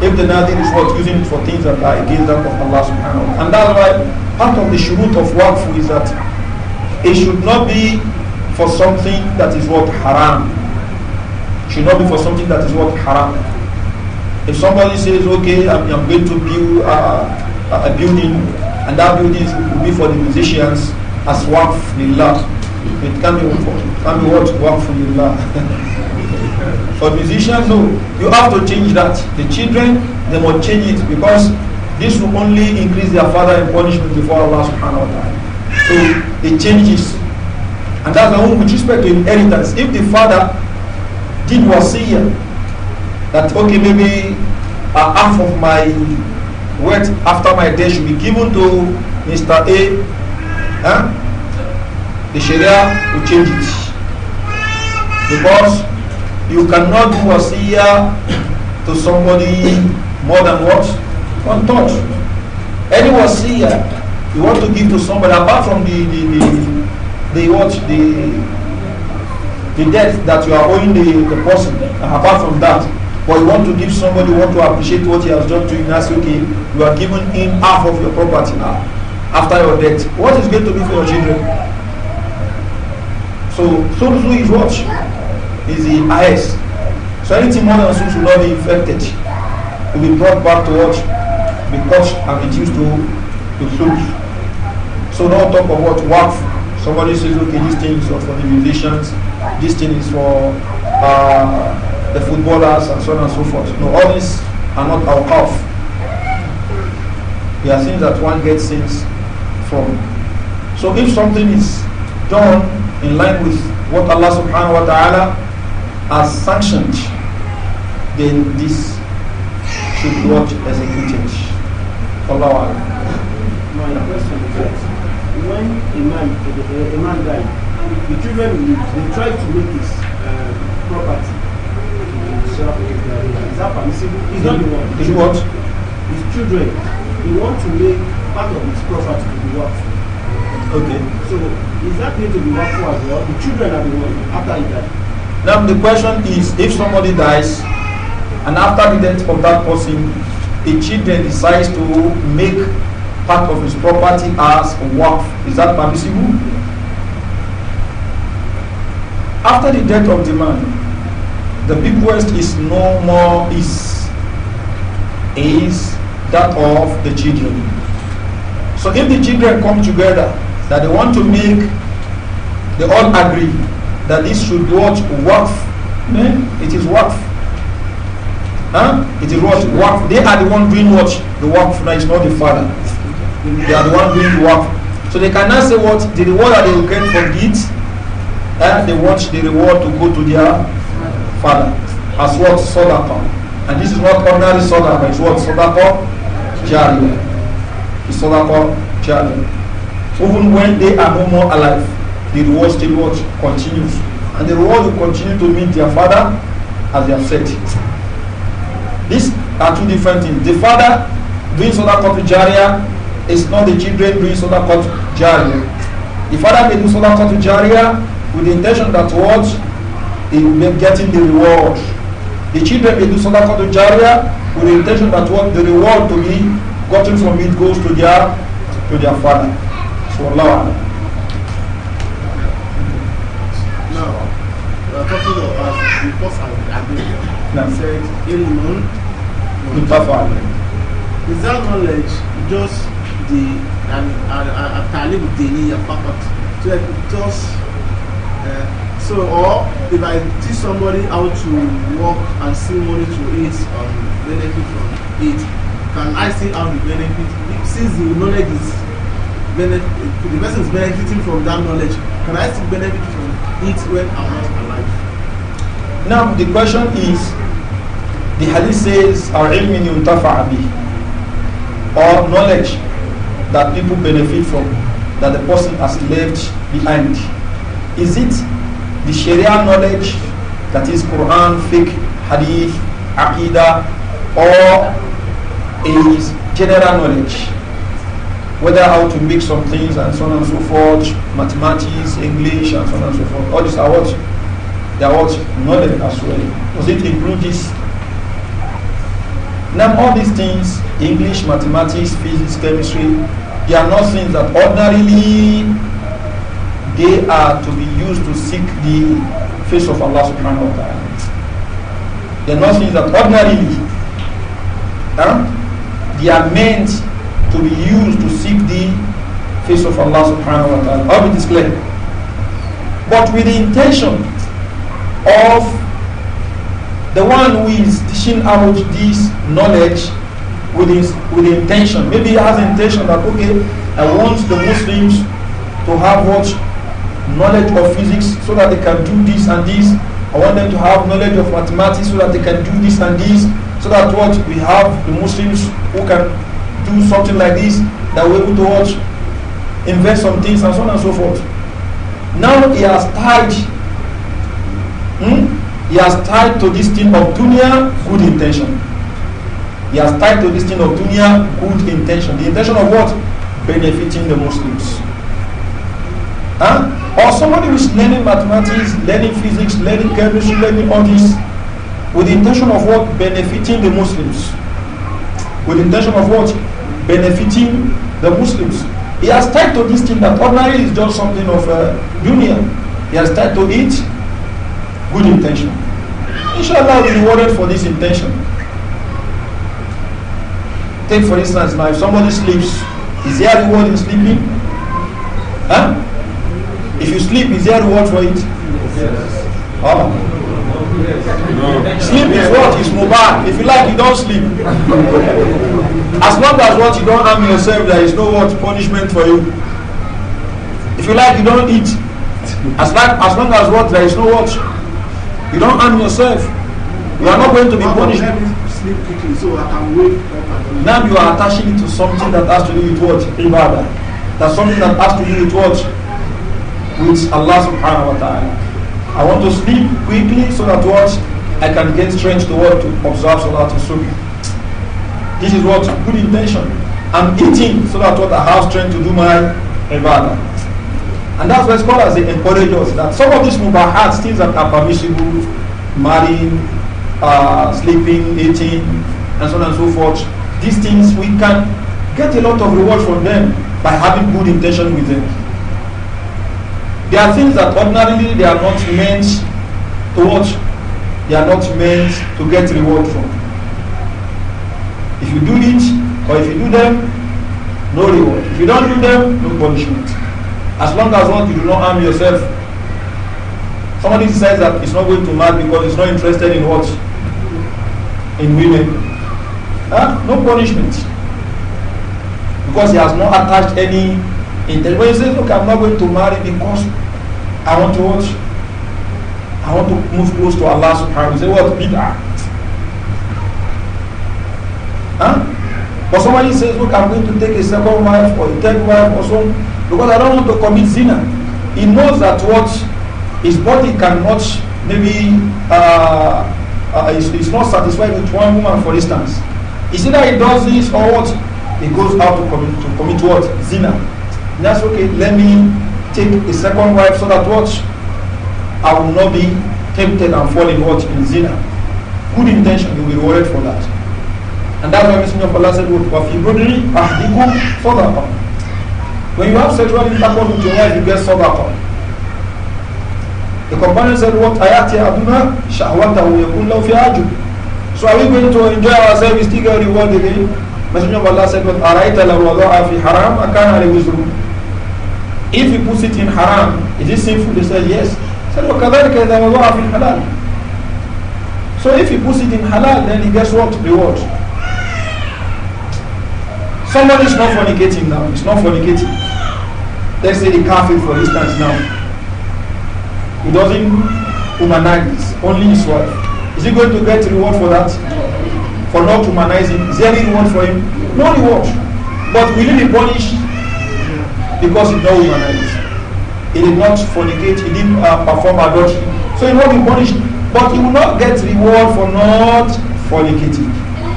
Speaker 1: if the nazir is not using it for things that are against that of Allah subhanahu wa And that's why part of the shurut of waqf is that it should not be for something that is what haram. It should not be for something that is what haram. If somebody says, okay, I'm, I'm going to build a building, and that building will be for the musicians as work for lillah, it can be, it can be what? Work for lillah. <laughs> for musicians, no. You have to change that. The children, they must change it because this will only increase their father in punishment before Allah subhanahu wa ta'ala. So it changes. And that's the only with respect to inheritance. If the father did wasiyah, that okay maybe uh, half of my wealth after my death should be given to Mr. A, huh? the Sharia will change it because you cannot do wasiya to somebody more than what one touch. Any wasiya you want to give to somebody apart from the the the, the what the the debt that you are owing the, the person apart from that But you want to give somebody, want to appreciate what he has done to you, and that's okay. You are giving him half of your property now after your death. What is going to be for your children? So, Sunsu is what? Is the highest. So anything more than Sunsu will not be infected. Will be brought back to what? Be cut and reduced to, to Sunsu. So now talk of what? Waqf. Somebody says, okay, this thing is for the musicians, this thing is for uh, the footballers and so on and so forth. No, all these are not our off. They are things that one gets things from. So if something is done in line with what Allah subhanahu wa ta'ala has sanctioned, then this should be what executed. Allah My question is that when a man, a, a man died, the children, they try to make his uh, property Is that permissible? Is that the one? Is what? His children. He want to make part of his property to be worth. Okay. So is that need to be worth as well? The children are the one after he died. Now the question is if somebody dies and after the death of that person, the children decides to make part of his property as work, Is that permissible? After the death of the man, the big west is no more is is that of the children. So if the children come together that they want to make, they all agree that this should what work. Hmm? It is work. Huh? It is what work. They are the one doing what the work. Now it's not the father. They are the one doing the work. So they cannot say what the reward that they will get from it. And eh? they want the reward to go to their father as what sadaqah. And this is not ordinary sadaqah, it's what sadaqah jariyah. It's sadaqah jariyah. So even when they are no more alive, the reward still what continues. And the reward will continue to meet their father as they have said. These are two different things. The father doing sadaqah to jariyah is not the children doing sadaqah to jariyah. The father may do sadaqah to jariyah with the intention that what they will be getting the reward. The children may do sadaqah to Jaria with the intention that what the reward to be gotten from it goes to their to their father. So Allah. Now, we are talking about the first agreement. He said, Imun Is that knowledge just the and Talib Dini Papat? Just uh, So, or if I teach somebody how to work and see money to it and um, benefit from it, can I see how the benefit, since the knowledge is, benefit, the person is benefiting from that knowledge, can I still benefit from it when I'm not alive? Now, the question is, the hadith says, our ilmin yuntafa or knowledge that people benefit from, that the person has left behind. Is it the Sharia knowledge, that is Quran, fiqh, hadith, aqidah, or is general knowledge. Whether how to mix some things and so on and so forth, mathematics, English, and so on and so forth. All these are what? They are what? Knowledge as well. Does it include this? Now all these things, English, mathematics, physics, chemistry, they are not things that ordinarily they are to be used to seek the face of Allah subhanahu wa ta'ala. The not that ordinarily they are meant to be used to seek the face of Allah subhanahu wa ta'ala. How it is clear. But with the intention of the one who is teaching out this knowledge with his with the intention. Maybe he has intention that okay, I want the Muslims to have what knowledge of physics so that they can do this and this. I want them to have knowledge of mathematics so that they can do this and this. So that what we have the Muslims who can do something like this, that we're able to watch, invest some things and so on and so forth. Now he has tied, hmm? he has tied to this thing of dunya good intention. He has tied to this thing of dunya good intention. The intention of what? Benefiting the Muslims. Huh? Or somebody who is learning mathematics, learning physics, learning chemistry, learning all this with the intention of what? Benefiting the Muslims. With the intention of what? Benefiting the Muslims. He has tied to this thing that ordinarily is just something of a uh, union. He has tied to it good intention. Inshallah he be rewarded for this intention. Take for instance now if somebody sleeps, is there a reward in sleeping? Huh? If you sleep, is there reward for it? Oh. Sleep is what is mobile. If you like, you don't sleep. As long as what you don't harm yourself, there is no what punishment for you. If you like, you don't eat. As long as, long as what there is no what, you don't harm yourself. You are not going to be punished. Sleep quickly, so I can wake up. Now you are attaching it to something that has to do with what ibadah. That's something that has to do with what with Allah subhanahu wa ta'ala. I want to sleep quickly so that what I can gain strength to what to observe Salat al-Subh. This is what good intention. I'm eating so that what I have strength to do my ibadah. And that's why scholars they encourage us that some of these mubahat things that are permissible, marrying, uh, sleeping, eating, and so on and so forth, these things we can get a lot of reward from them by having good intention with them. There are things that ordinarily they are not meant to watch. They are not meant to get reward from. If you do it, or if you do them, no reward. If you don't do them, no punishment. As long as what you do not harm yourself. Somebody says that it's not going to marry because he's not interested in what? In women. Huh? No punishment. Because he has not attached any in the way he says, look, I'm not going to marry because I want to watch. I want to move close to Allah subhanahu wa ta'ala. Say, what? Bid'ah. Huh? But somebody says, look, I'm going to take a second wife or a third wife or so because I don't want to commit zina. He knows that what his body cannot maybe uh, uh, is, is not satisfied with one woman, for instance. It's that he does this or what? He goes out to commit, to commit what? Zina. that's okay, let me take a second wife so that what? I will not be tempted and falling what in zina. Good intention, you will be rewarded for that. And that's why Messenger of Allah said, وَفِي بُدْرِ أَحْدِكُمْ صَدَقًا when you have sexual intercourse with your wife, you get sadaqah. The companion said, What ayati aduna shahwatahu yakullahu fi ajub. So are we going to enjoy ourselves? We still get rewarded? again? Messenger of Allah said, What araita la wada'a fi haram akana li wizru. If he puts it in haram, is it sinful? They said yes. He said, وَكَذَلِكَ إِذَا وَضَعَ فِي halal. So if he puts it in halal, then he gets what? Reward. Somebody is not fornicating now. It's not fornicating. Let's say the kafir, for instance, now. He doesn't humanize, only his wife. Is he going to get reward for that? For not humanizing? Is there any reward for him? No reward. But will he be punished? because he dealt humanized, He did not fornicate, he didn't uh, perform adultery. So he will be punished. But he will not get reward for not fornicating.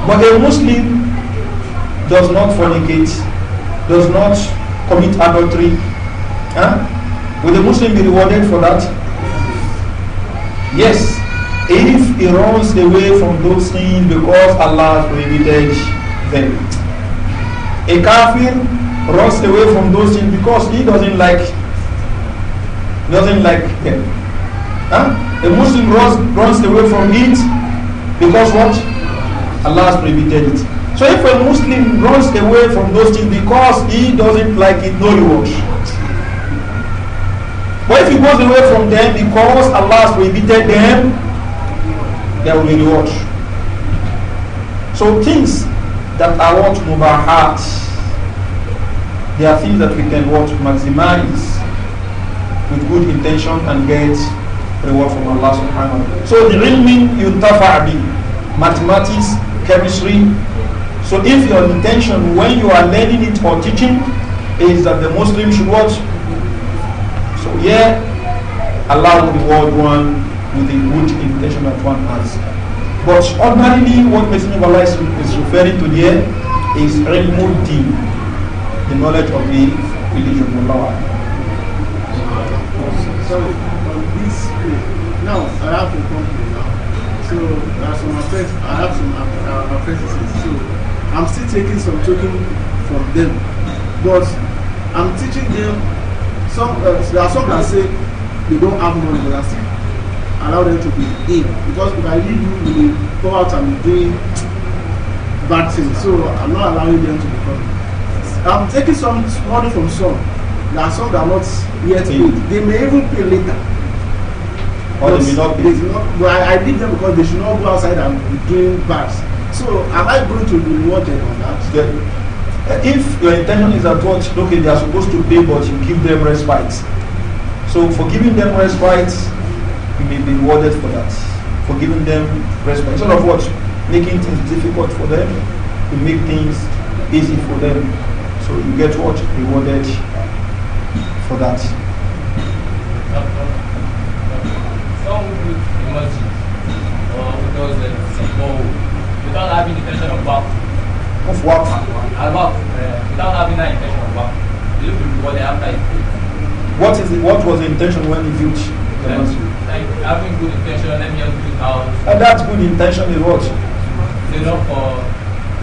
Speaker 1: But a Muslim does not fornicate, does not commit adultery. Huh? Will the Muslim be rewarded for that? Yes. If he runs away from those things because Allah prohibited them. A kafir runs away from those things because he doesn't like doesn't like them. Huh? A Muslim runs, runs away from it because what? Allah has prohibited it. So if a Muslim runs away from those things because he doesn't like it, no reward. But if he goes away from them because Allah has prohibited them, there will be reward. So things that are what mubahat, there are things that we can what maximize with good intention and get reward from Allah subhanahu wa ta'ala. So the real mean yuntafa bi, mathematics, chemistry. So if your intention when you are learning it or teaching is that the Muslim should watch, so yeah, Allah will reward one with the good intention that one has. But ordinarily what Messenger of Allah is, is referring to here is ilmul deen the knowledge of the religion of Allah. Sorry, on this now I have a company now. So, there are some apprentices, I have some uh, apprentices. Uh, so, I'm still taking some token from them. But I'm teaching them, some, uh, there are some that say they don't have money, but I still allow them to be in. Because if I leave you, you will go out and be doing bad things. So, I'm not allowing them to become. I'm taking some money from some. There are some that are not yet paid. They may even pay later. Or they may not pay. Not, well, I, I leave them because they should not go outside and be doing bars. So am I going to be rewarded on that? Yeah. Uh, if your intention is that what okay, they are supposed to pay, but you give them respite. So for giving them respite, you may be rewarded for that. For giving them respite. Instead of what? Making things difficult for them, you make things easy for them. So you get what? Rewarded for that. Some would imagine without having intention of work. Of work? About, uh, without having intention of work. after it. What is it, what was the intention when you built the like, like having good intention, let me just build out. And that good intention is what? enough for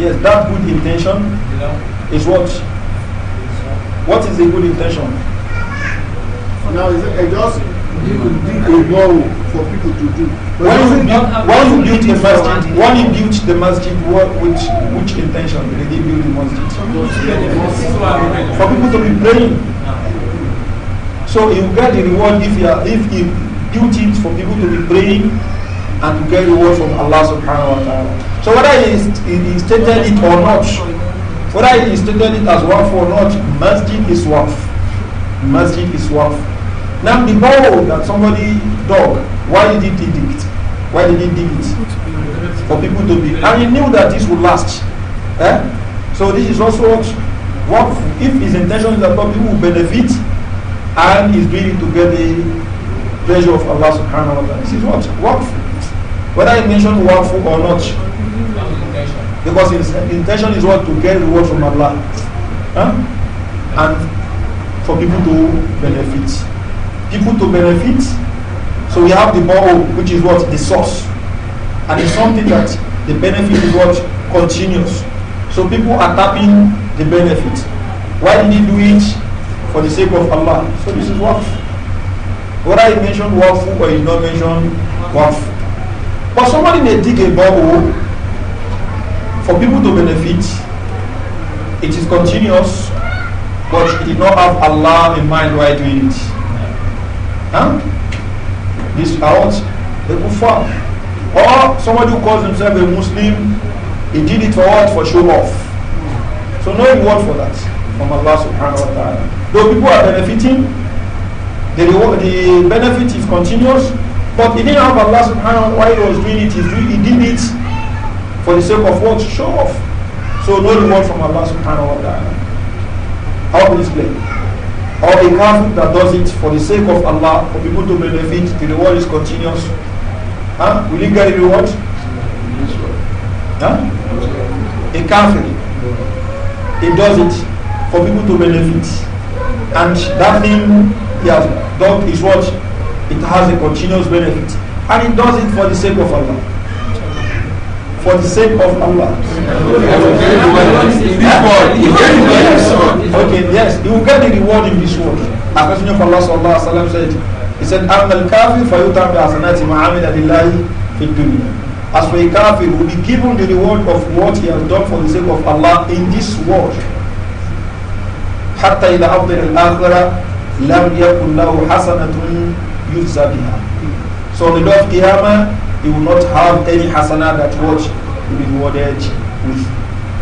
Speaker 1: Yes, that good intention. You know, is what? What is the good intention? Now, is it just dig a borrow for people to do? Why when you, build, when you built the masjid, Why you built the masjid, what, which, which intention did they build the masjid? For people to be praying. So you get the reward if you are, if you built it for people to be praying and to get reward from Allah subhanahu wa ta'ala. So whether he, he stated it or not, whether he stated it as waqf or not, masjid is waqf. Masjid is waqf. Now the borrow that somebody dug, why did he dig it? Why did he dig it? For people to be. And he knew that this would last. Eh? So this is also what, what if his intention is that people will benefit and is doing it to get the pleasure of Allah subhanahu wa ta'ala. This is what? Waqf. Whether he mentioned waqf or not, because his intention is what? To get reward from Allah. Huh? And for people to benefit. People to benefit. So we have the borrow, which is what? The source. And it's something that the benefit is what? Continues. So people are tapping the benefit. Why did he do it? For the sake of Allah. So this is what. Whether he mentioned wafu or he not mentioned wafu. But somebody may dig a borrow for people to benefit, it is continuous, but it did not have Allah in mind while doing it. Huh? This out the kuffar. Or somebody who calls himself a Muslim, he did it for what? For show off. So no reward for that from Allah subhanahu wa ta'ala. Though people are benefiting, the, reward, the benefit is continuous, but he didn't have Allah subhanahu wa ta'ala while he was doing it, he did it for the sake of what? to Show off. So no reward from Allah subhanahu wa ta'ala. How will this play? Or a kafir that does it for the sake of Allah, for people to benefit, the reward is continuous. Huh? Will you get a reward? Huh? A kafir. He does it for people to benefit. And that thing he has done is what? It has a continuous benefit. And he does it for the sake of Allah. for the sake of Allah. okay, yes, you will get the reward in this world. A messenger of Allah sallallahu alaihi wasallam said, he said, "Am al kafir fayutam bi asanati ma'amila billahi fi dunya." As for a kafir, will be given the reward of what he has done for the sake of Allah in this world. حتى إذا أبطل الآخرة لم يكن له حسنة يجزى بها. So the day of Qiyamah, he will not have any hasana that watch will be rewarded with.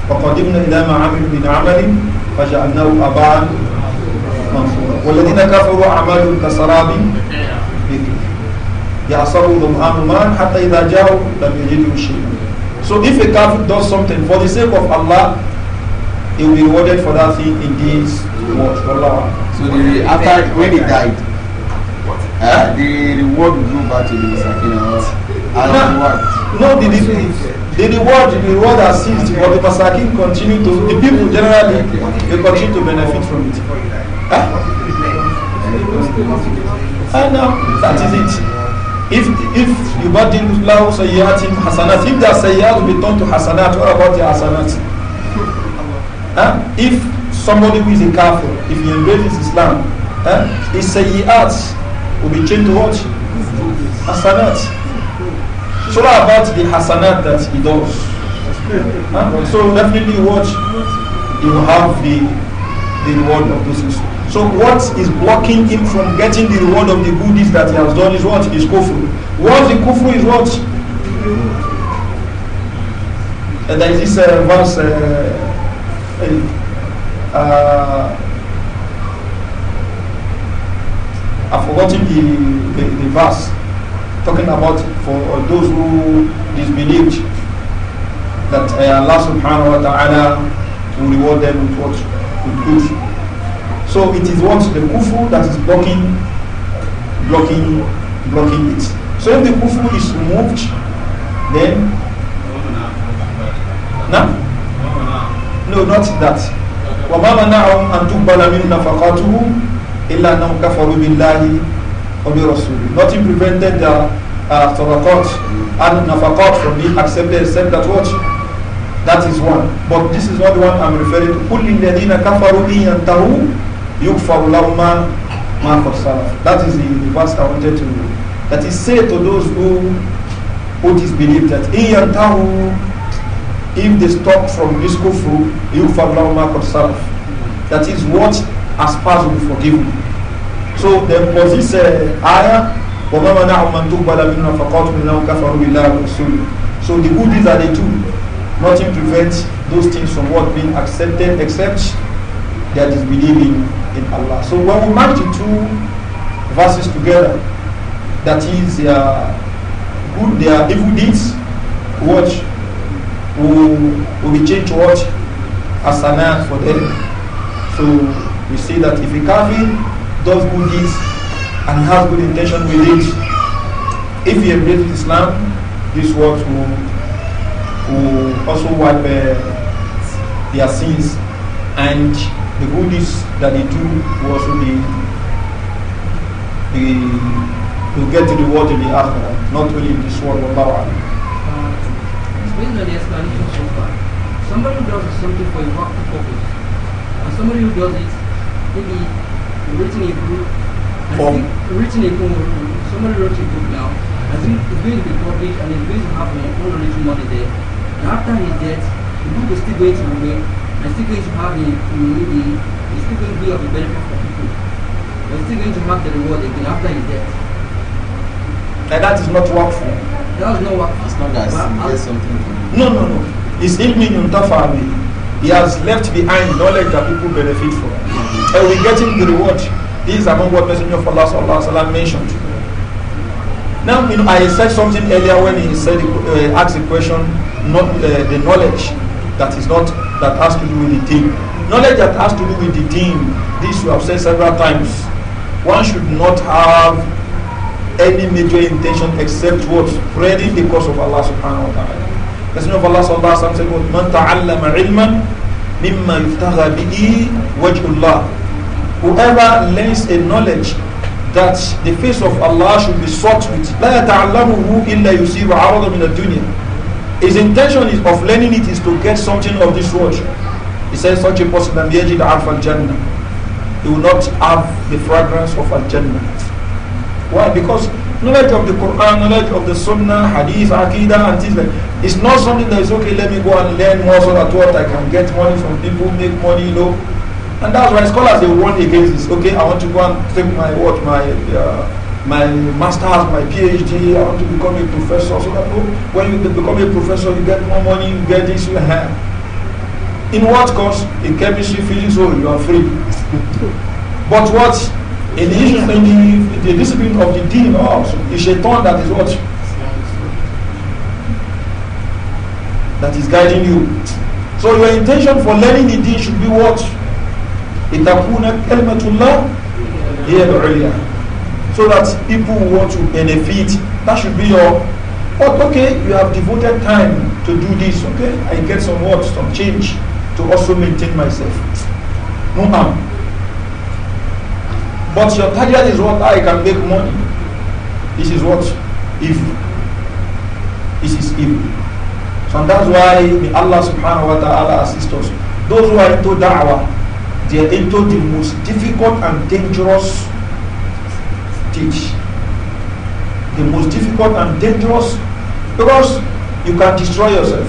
Speaker 1: وقدمنا إلى ما عملوا من عمل فجعلناه أبعا منصورا والذين كفروا أعمالهم كسراب يعصروا ظمآن ماء حتى إذا جاءوا لم يجدوا شيئا So if a kafir does something for the sake of Allah, he will be rewarded for that thing in this world. Allah. So the, after when he died, uh, the reward will go back to the Sakina. No, no the the did the word the has ceased, but the masakin continue to the people generally they continue to benefit from it. Huh? I know that is it. If if you badil lahu sayyatim hasanat, if that sayyat will be turned to hasanat, what about the hasanat? Huh? If somebody who is a kafir, if he embraces Islam, huh? his sayyat will be changed to what? Hasanat. Surah about the hasanat that he does. Huh? So definitely watch. He will have the, the reward of those things. So what is blocking him from getting the reward of the goodies that he has done is what? Is kufru. What the kufru is what? And there is this uh, verse, uh, uh, uh I've forgotten the, the, the verse. talking about for those who disbelieved that uh, Allah subhanahu wa ta'ala will reward them with what? With good. So it is what? The kufu that is blocking, blocking, blocking it. So if the kufu is removed, then... No? No, not that. وَمَا مَنَعَهُمْ أَن تُقْبَلَ مِنْ نَفَقَاتُهُمْ إِلَّا أَنَّهُمْ كَفَرُوا بِاللَّهِ Holy Rasul. Nothing prevented the uh, sadaqat and nafaqat from being accepted except that what? That is one. But this is not the one I'm referring to. قُلْ لِلَّذِينَ كَفَرُوا إِن يَنْتَهُوا يُغْفَرُ لَهُمْ مَا قَدْ سَلَفَ That is the, the verse I wanted to read. That is said to those who who disbelieve that إِن يَنْتَهُوا if they stop from this kufru, يُغْفَرُ لَهُمْ That is what has passed will be forgiven So there was this uh, ayah, وَمَا مَنَعُمْ مَنْ تُقْبَلَ مِنْهُ فَقَوْتُ مِنْهُ كَفَرُوا بِاللَّهِ وَرَسُولِهِ So the good deeds that they do, nothing prevents those things from what being accepted except their disbelieving in Allah. So when we match the two verses together, that is their uh, good, their evil deeds, what will, will be changed to what? Asana for them. So we see that if a kafir does good deeds and has good intention with it, if he embraces Islam, this works will, will also wipe uh, their sins and the good deeds that they do will also be, be will get to the world in the afterlife, not only in this world, but power. Based on the explanation so far, somebody who does something for a work purpose, and somebody who does it maybe written a book. Form. Written a book. Somebody wrote a book now. I think it's going to be published and it's going to have my own original money there. And after his death, the book is still going to remain and still going to have a community. It's still going to be of a benefit for people. It's still going to have the reward again after his death. And that is not for him. That is not work. As long as he gets something No, no, no. It's ilmin yuntafa He has left behind knowledge that people benefit from. and we get him the reward. This is among what Messenger of Allah sallallahu alaihi wasallam mentioned. Now, you know, I said something earlier when he said, uh, asked the question, not uh, the knowledge that is not that has to do with the team. Knowledge that has to do with the team. This we have said several times. One should not have any major intention except what spreading the cause of Allah subhanahu wa taala. Messenger of Allah sallallahu alaihi wasallam said, "What "Man ta'allama ilman Mimma يفتغى bihi وجه whoever learns a knowledge that the face of Allah should be sought with لا يتعلمه إلا يصيب عرض من الدنيا his intention is of learning it is to get something of this world he says such a person لم يجد عرف الجنة he will not have the fragrance of al why because knowledge of the Quran, knowledge of the Sunnah, Hadith, Akida, and things like It's not something that is okay, let me go and learn more so that what I can get money from people, make money, you know. And that's why scholars they warn against this. Okay, I want to go and take my what my uh, my master's, my PhD, I want to become a professor. So that oh, when you become a professor, you get more money, you get this, you have. Uh-huh. In what course? In chemistry, physics, oh, you are free. but what in the, in the, the discipline of the deen also, it's shaitan that is what? That is guiding you. So your intention for learning the deen should be what? Itakuna kalmatullah here So that people want to benefit. That should be your what oh, okay, you have devoted time to do this, okay? I get some work, some change to also maintain myself. No harm. But your target is what I can make money. This is what evil. This is evil. So that's why may Allah subhanahu wa ta'ala assist us. Those who are into da'wah, they are into the most difficult and dangerous teach. The most difficult and dangerous because you can destroy yourself.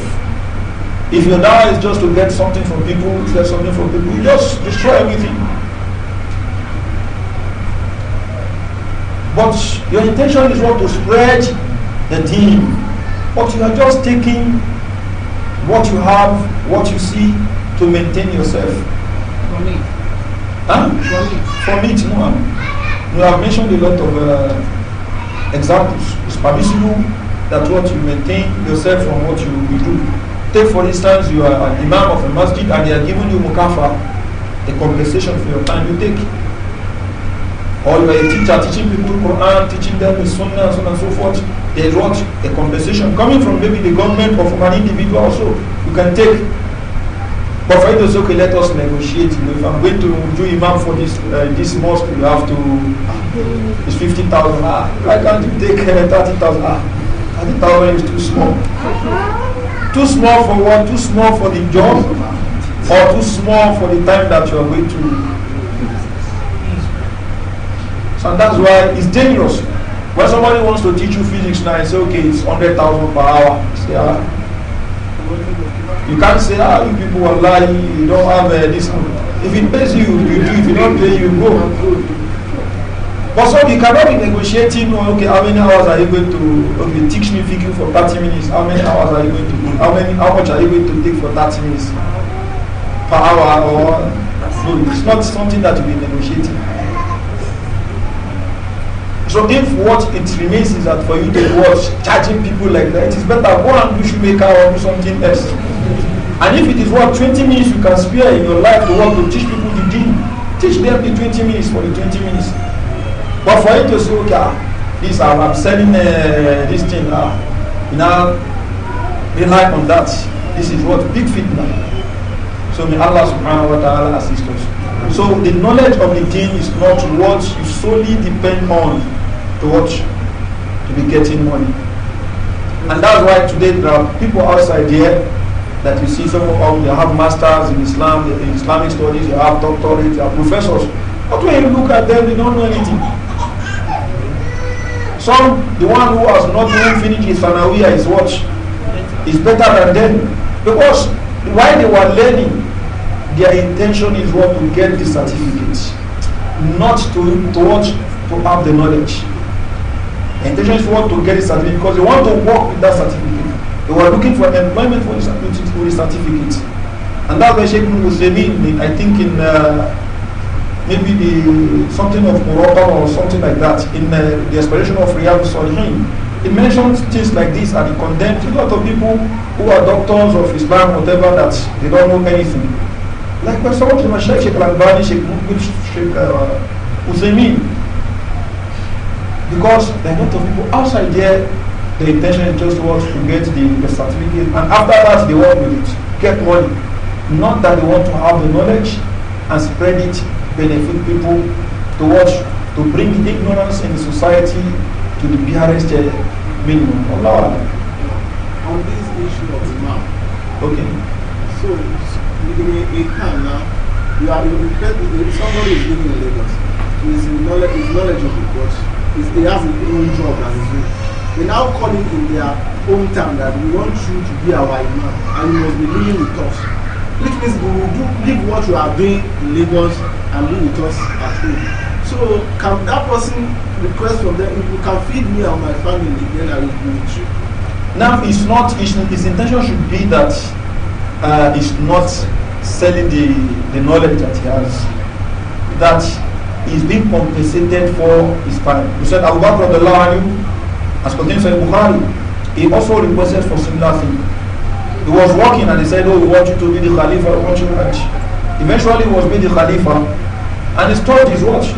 Speaker 1: If your da'wah is just to get something from people, to get something from people, you just destroy everything. But your intention is not to spread the team. But you are just taking what you have, what you see, to maintain yourself. For me. Huh? For me. For me, no. You have mentioned a lot of uh, examples. It's permissible that what you maintain yourself from what you, you do. Take, for instance, you are an imam of a masjid and they are giving you mukafa, the compensation for your time you take. or you teacher teaching people Quran, teaching them the Sunnah, and so on and so forth, They is what? A compensation coming from maybe the government or from an individual also. You can take. But for it is okay, let us negotiate. You know, if I'm going to do imam for this uh, this mosque, you have to, it's fifty thousand Ah, why can't you take uh, thousand Ah, Thirty thousand is too small. Too small for what? Too small for the job? Or too small for the time that you are going to So that's why it's dangerous. When somebody wants to teach you physics now, you say, okay, it's 100,000 per hour. You say, ah. You can't say, ah, you people are lying, you don't have uh, this. If it pays you, you do. If it don't pay you, go. But so you cannot be negotiating, oh, okay, how many hours are you going to, okay, teach me figure for 30 minutes. How many hours are you going to do? How, many, how much are you going to take for 30 minutes per hour? Or, no, it's not something that you'll be negotiating. So if what it remains is that for you to watch charging people like that, it is better go and do shoemaker or do something else. And if it is what 20 minutes you can spare in your life to work to teach people the deen, teach them the 20 minutes for the 20 minutes. But for you to say, okay, ah, this I'm, I'm selling uh, this thing ah, now, rely on that. This is what big fit fitna. So may Allah subhanahu wa ta'ala assist us. So the knowledge of the deen is not what you solely depend on to watch, to be getting money. And that's why today there are people outside here that you see some of them, have masters in Islam, in Islamic studies, they have doctorates, they are professors. But when you look at them, they don't know anything. Some, the one who has not even finished his Sanawiya is better than them. Because while they were learning, their intention is what to get the certificate, not to, to, watch, to have the knowledge. Intentions want to get a certificate because they want to work with that certificate. They were looking for employment for the certificate. And that's why Sheikh Muslimin, I think in uh, maybe the something of Morocco or something like that, in uh, the explanation of Riyadh Salihin, he mentions things like this and he condemned a lot of people who are doctors of Islam, whatever, that they don't know anything. Like when someone of the Sheikh Al-Albani, Sheikh Mubin, Sheikh uh, because there are a lot of people outside there, the intention is just what to get the, the certificate, and after that they work with it, get money. Not that they want to have the knowledge and spread it, benefit people to watch, to bring ignorance in the society to the barest uh, minimum. Allah. On this issue of Imam. Okay. So, in Khan now, you are, you, somebody is living in Lagos. He is knowledge, knowledgeable, but It's, they have their own job as a zoo. They now call it in their hometown that we want you to be our imam and you must be living with us. Which means we will do, leave what you are doing in Lagos and be with us at home. So can that person request from them, if you can feed me and my family, then I will be with you. Now it's not, it's, his intention should be that uh, it's not selling the, the knowledge that he has. That is being compensated for his crime. You said, Abu Bakr as continues, in Bukhari, he also requested for similar thing. He was walking and he said, oh, we want you to be the Khalifa, we want you to watch. Eventually he was made the Khalifa and he stopped his watch.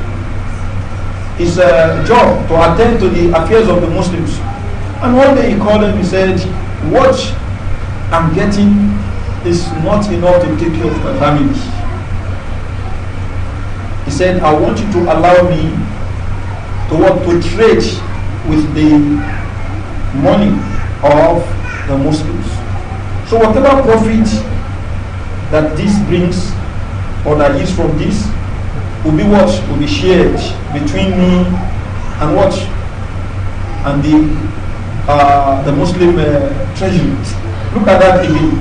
Speaker 1: His uh, job to attend to the affairs of the Muslims. And one day he called him, he said, watch I'm getting is not enough to take care of my family. He said, I want you to allow me to want to trade with the money of the Muslims. So whatever profit that this brings or that is from this will be what will be shared between me and what and the uh, the Muslim uh, treasury. Look at that again.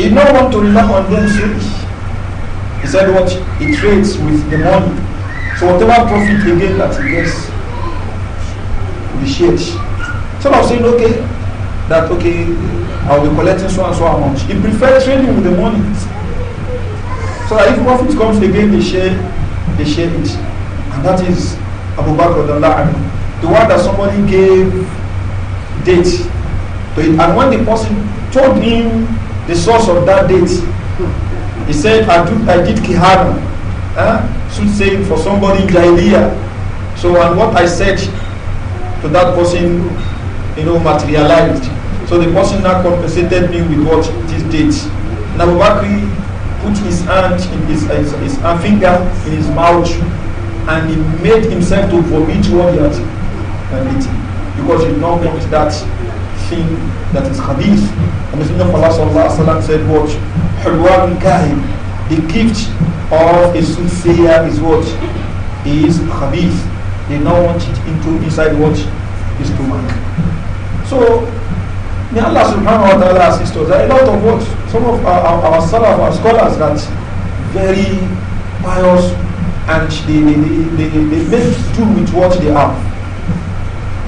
Speaker 1: He not want to rely on them so He said what? He trades with the money. So whatever profit he gain that he gets will be shared. Some are saying, okay, that okay, I'll be collecting so and so amount. He prefers trading with the money. So that if profit comes again, they share, they share it. And that is Abu Bakr the one that somebody gave date to it. And when the person told him the source of that date, He said, I, do, I did Kihana, eh? say for somebody in Jahiliyyah. So, and what I said to that person, you know, materialized. So the person now compensated me with what? This date. Now Bakri put his hand, in his, his, his, finger in his mouth and he made himself to vomit what he had eaten. Because he did not want that thing that is hadith. And the Messenger of Allah said, Watch. Hudwan Kahin, the gift of a sincere is what? Is Khabith. They now want it into inside what? His stomach. So, may Allah subhanahu wa ta'ala assist us. There are a lot of what? Some of our, our, our Salaf, our scholars that very pious and they, they, they, they, make do with what they have.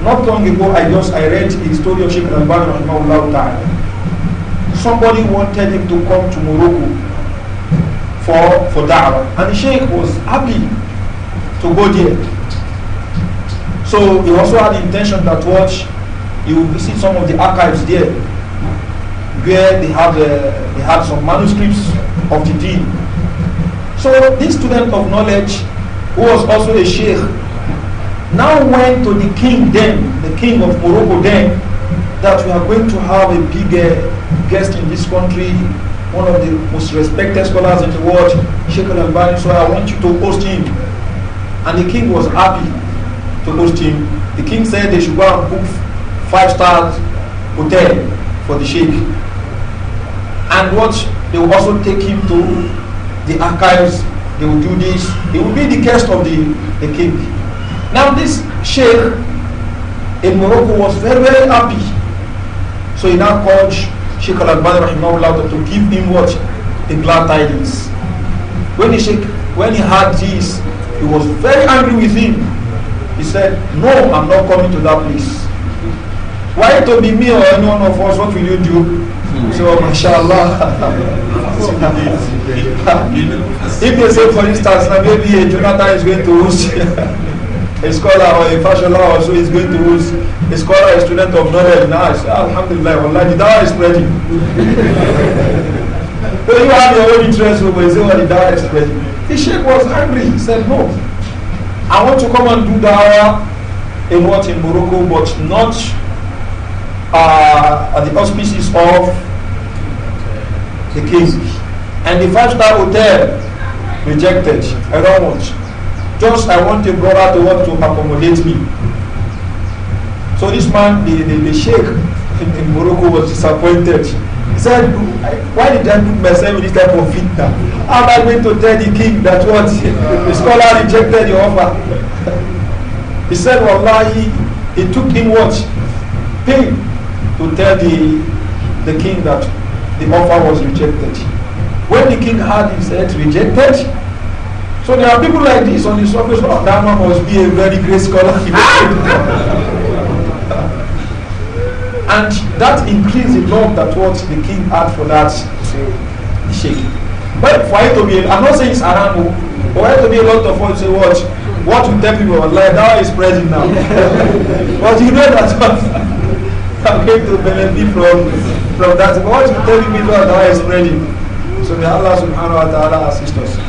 Speaker 1: Not long ago, I just I read the story of Sheikh Al-Bani Rahimahullah Ta'ala somebody wanted him to come to Morocco for, for da'wah. And the sheikh was happy to go there. So he also had the intention that watch, he will visit some of the archives there where they had, uh, they had some manuscripts of the deen. So this student of knowledge, who was also a sheikh, now went to the king then, the king of Morocco then, that we are going to have a big uh, guest in this country, one of the most respected scholars in the world, Sheikh Al-Albani, so I want you to host him. And the king was happy to host him. The king said they should go and book five-star hotel for the sheikh. And what they will also take him to the archives, they will do this, he will be the guest of the, the king. Now this sheikh in Morocco was very, very happy. So he now called Sheikh Al-Albani rahimahullah to give him what? The glad tidings. When he, Sheikh, when he heard this, he was very angry with him. He said, no, I'm not coming to that place. Why to be me or any one of us, what will you do? Hmm. So mashallah. <laughs> if they say, for instance, maybe Jonathan is going to host <laughs> a scholar or a fashion law also is going to use a scholar, a student of knowledge. Now, Alhamdulillah, Allah, the dawah is spreading. <laughs> so you have your own interest over you say, well, the dawah is spreading. The sheikh was angry. He said, no. I want to come and do dawah in what in Morocco, but not uh, at the auspices of the king. And the five-star hotel rejected. I don't want. Just I want a brother to want to accommodate me. So this man, the, the, the sheikh in, in Morocco was disappointed. He said, why did I put myself in this type of fitna? How am I going to tell the king that what <laughs> the scholar rejected the offer? he said, Wallahi, it took him what? Pain to tell the, the king that the offer was rejected. When the king had his head rejected, So there are people like this on the surface. Oh, that one must be a very great scholar. <laughs> and that increased the love that what the king had for that sheikh. But for it to be, I'm not saying it's haram, oh, for it to be a lot of what say watch. what you tell people, like that is present now. <laughs> but you know that I'm <laughs> going to benefit from, from that. But what you tell people, that is ready. So may Allah subhanahu wa ta'ala assist us.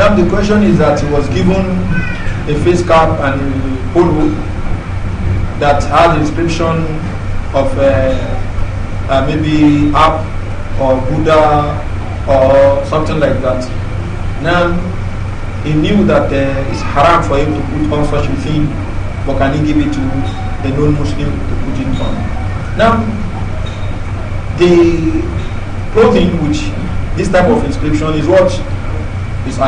Speaker 1: Now the question is that he was given a face cap and a hood that has inscription of uh, uh, maybe App or Buddha or something like that. Now he knew that uh, it's haram for him to put on such a thing, but can he give it to a non-Muslim to put it on? Now the clothing which this type of inscription is what is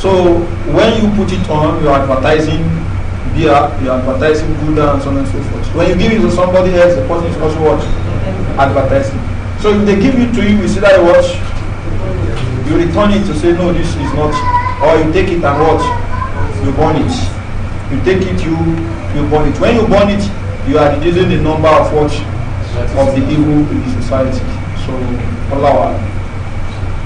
Speaker 1: So when you put it on, you're advertising beer, you're advertising good and so on and so forth. When you give it to somebody else, the person is also what? Advertising. So if they give it to you, you see that I watch, you return it to say, no, this is not. Or you take it and watch, you burn it. You take it, you, you burn it. When you burn it, you are reducing the number of what? Of the evil in the society. So, Allah.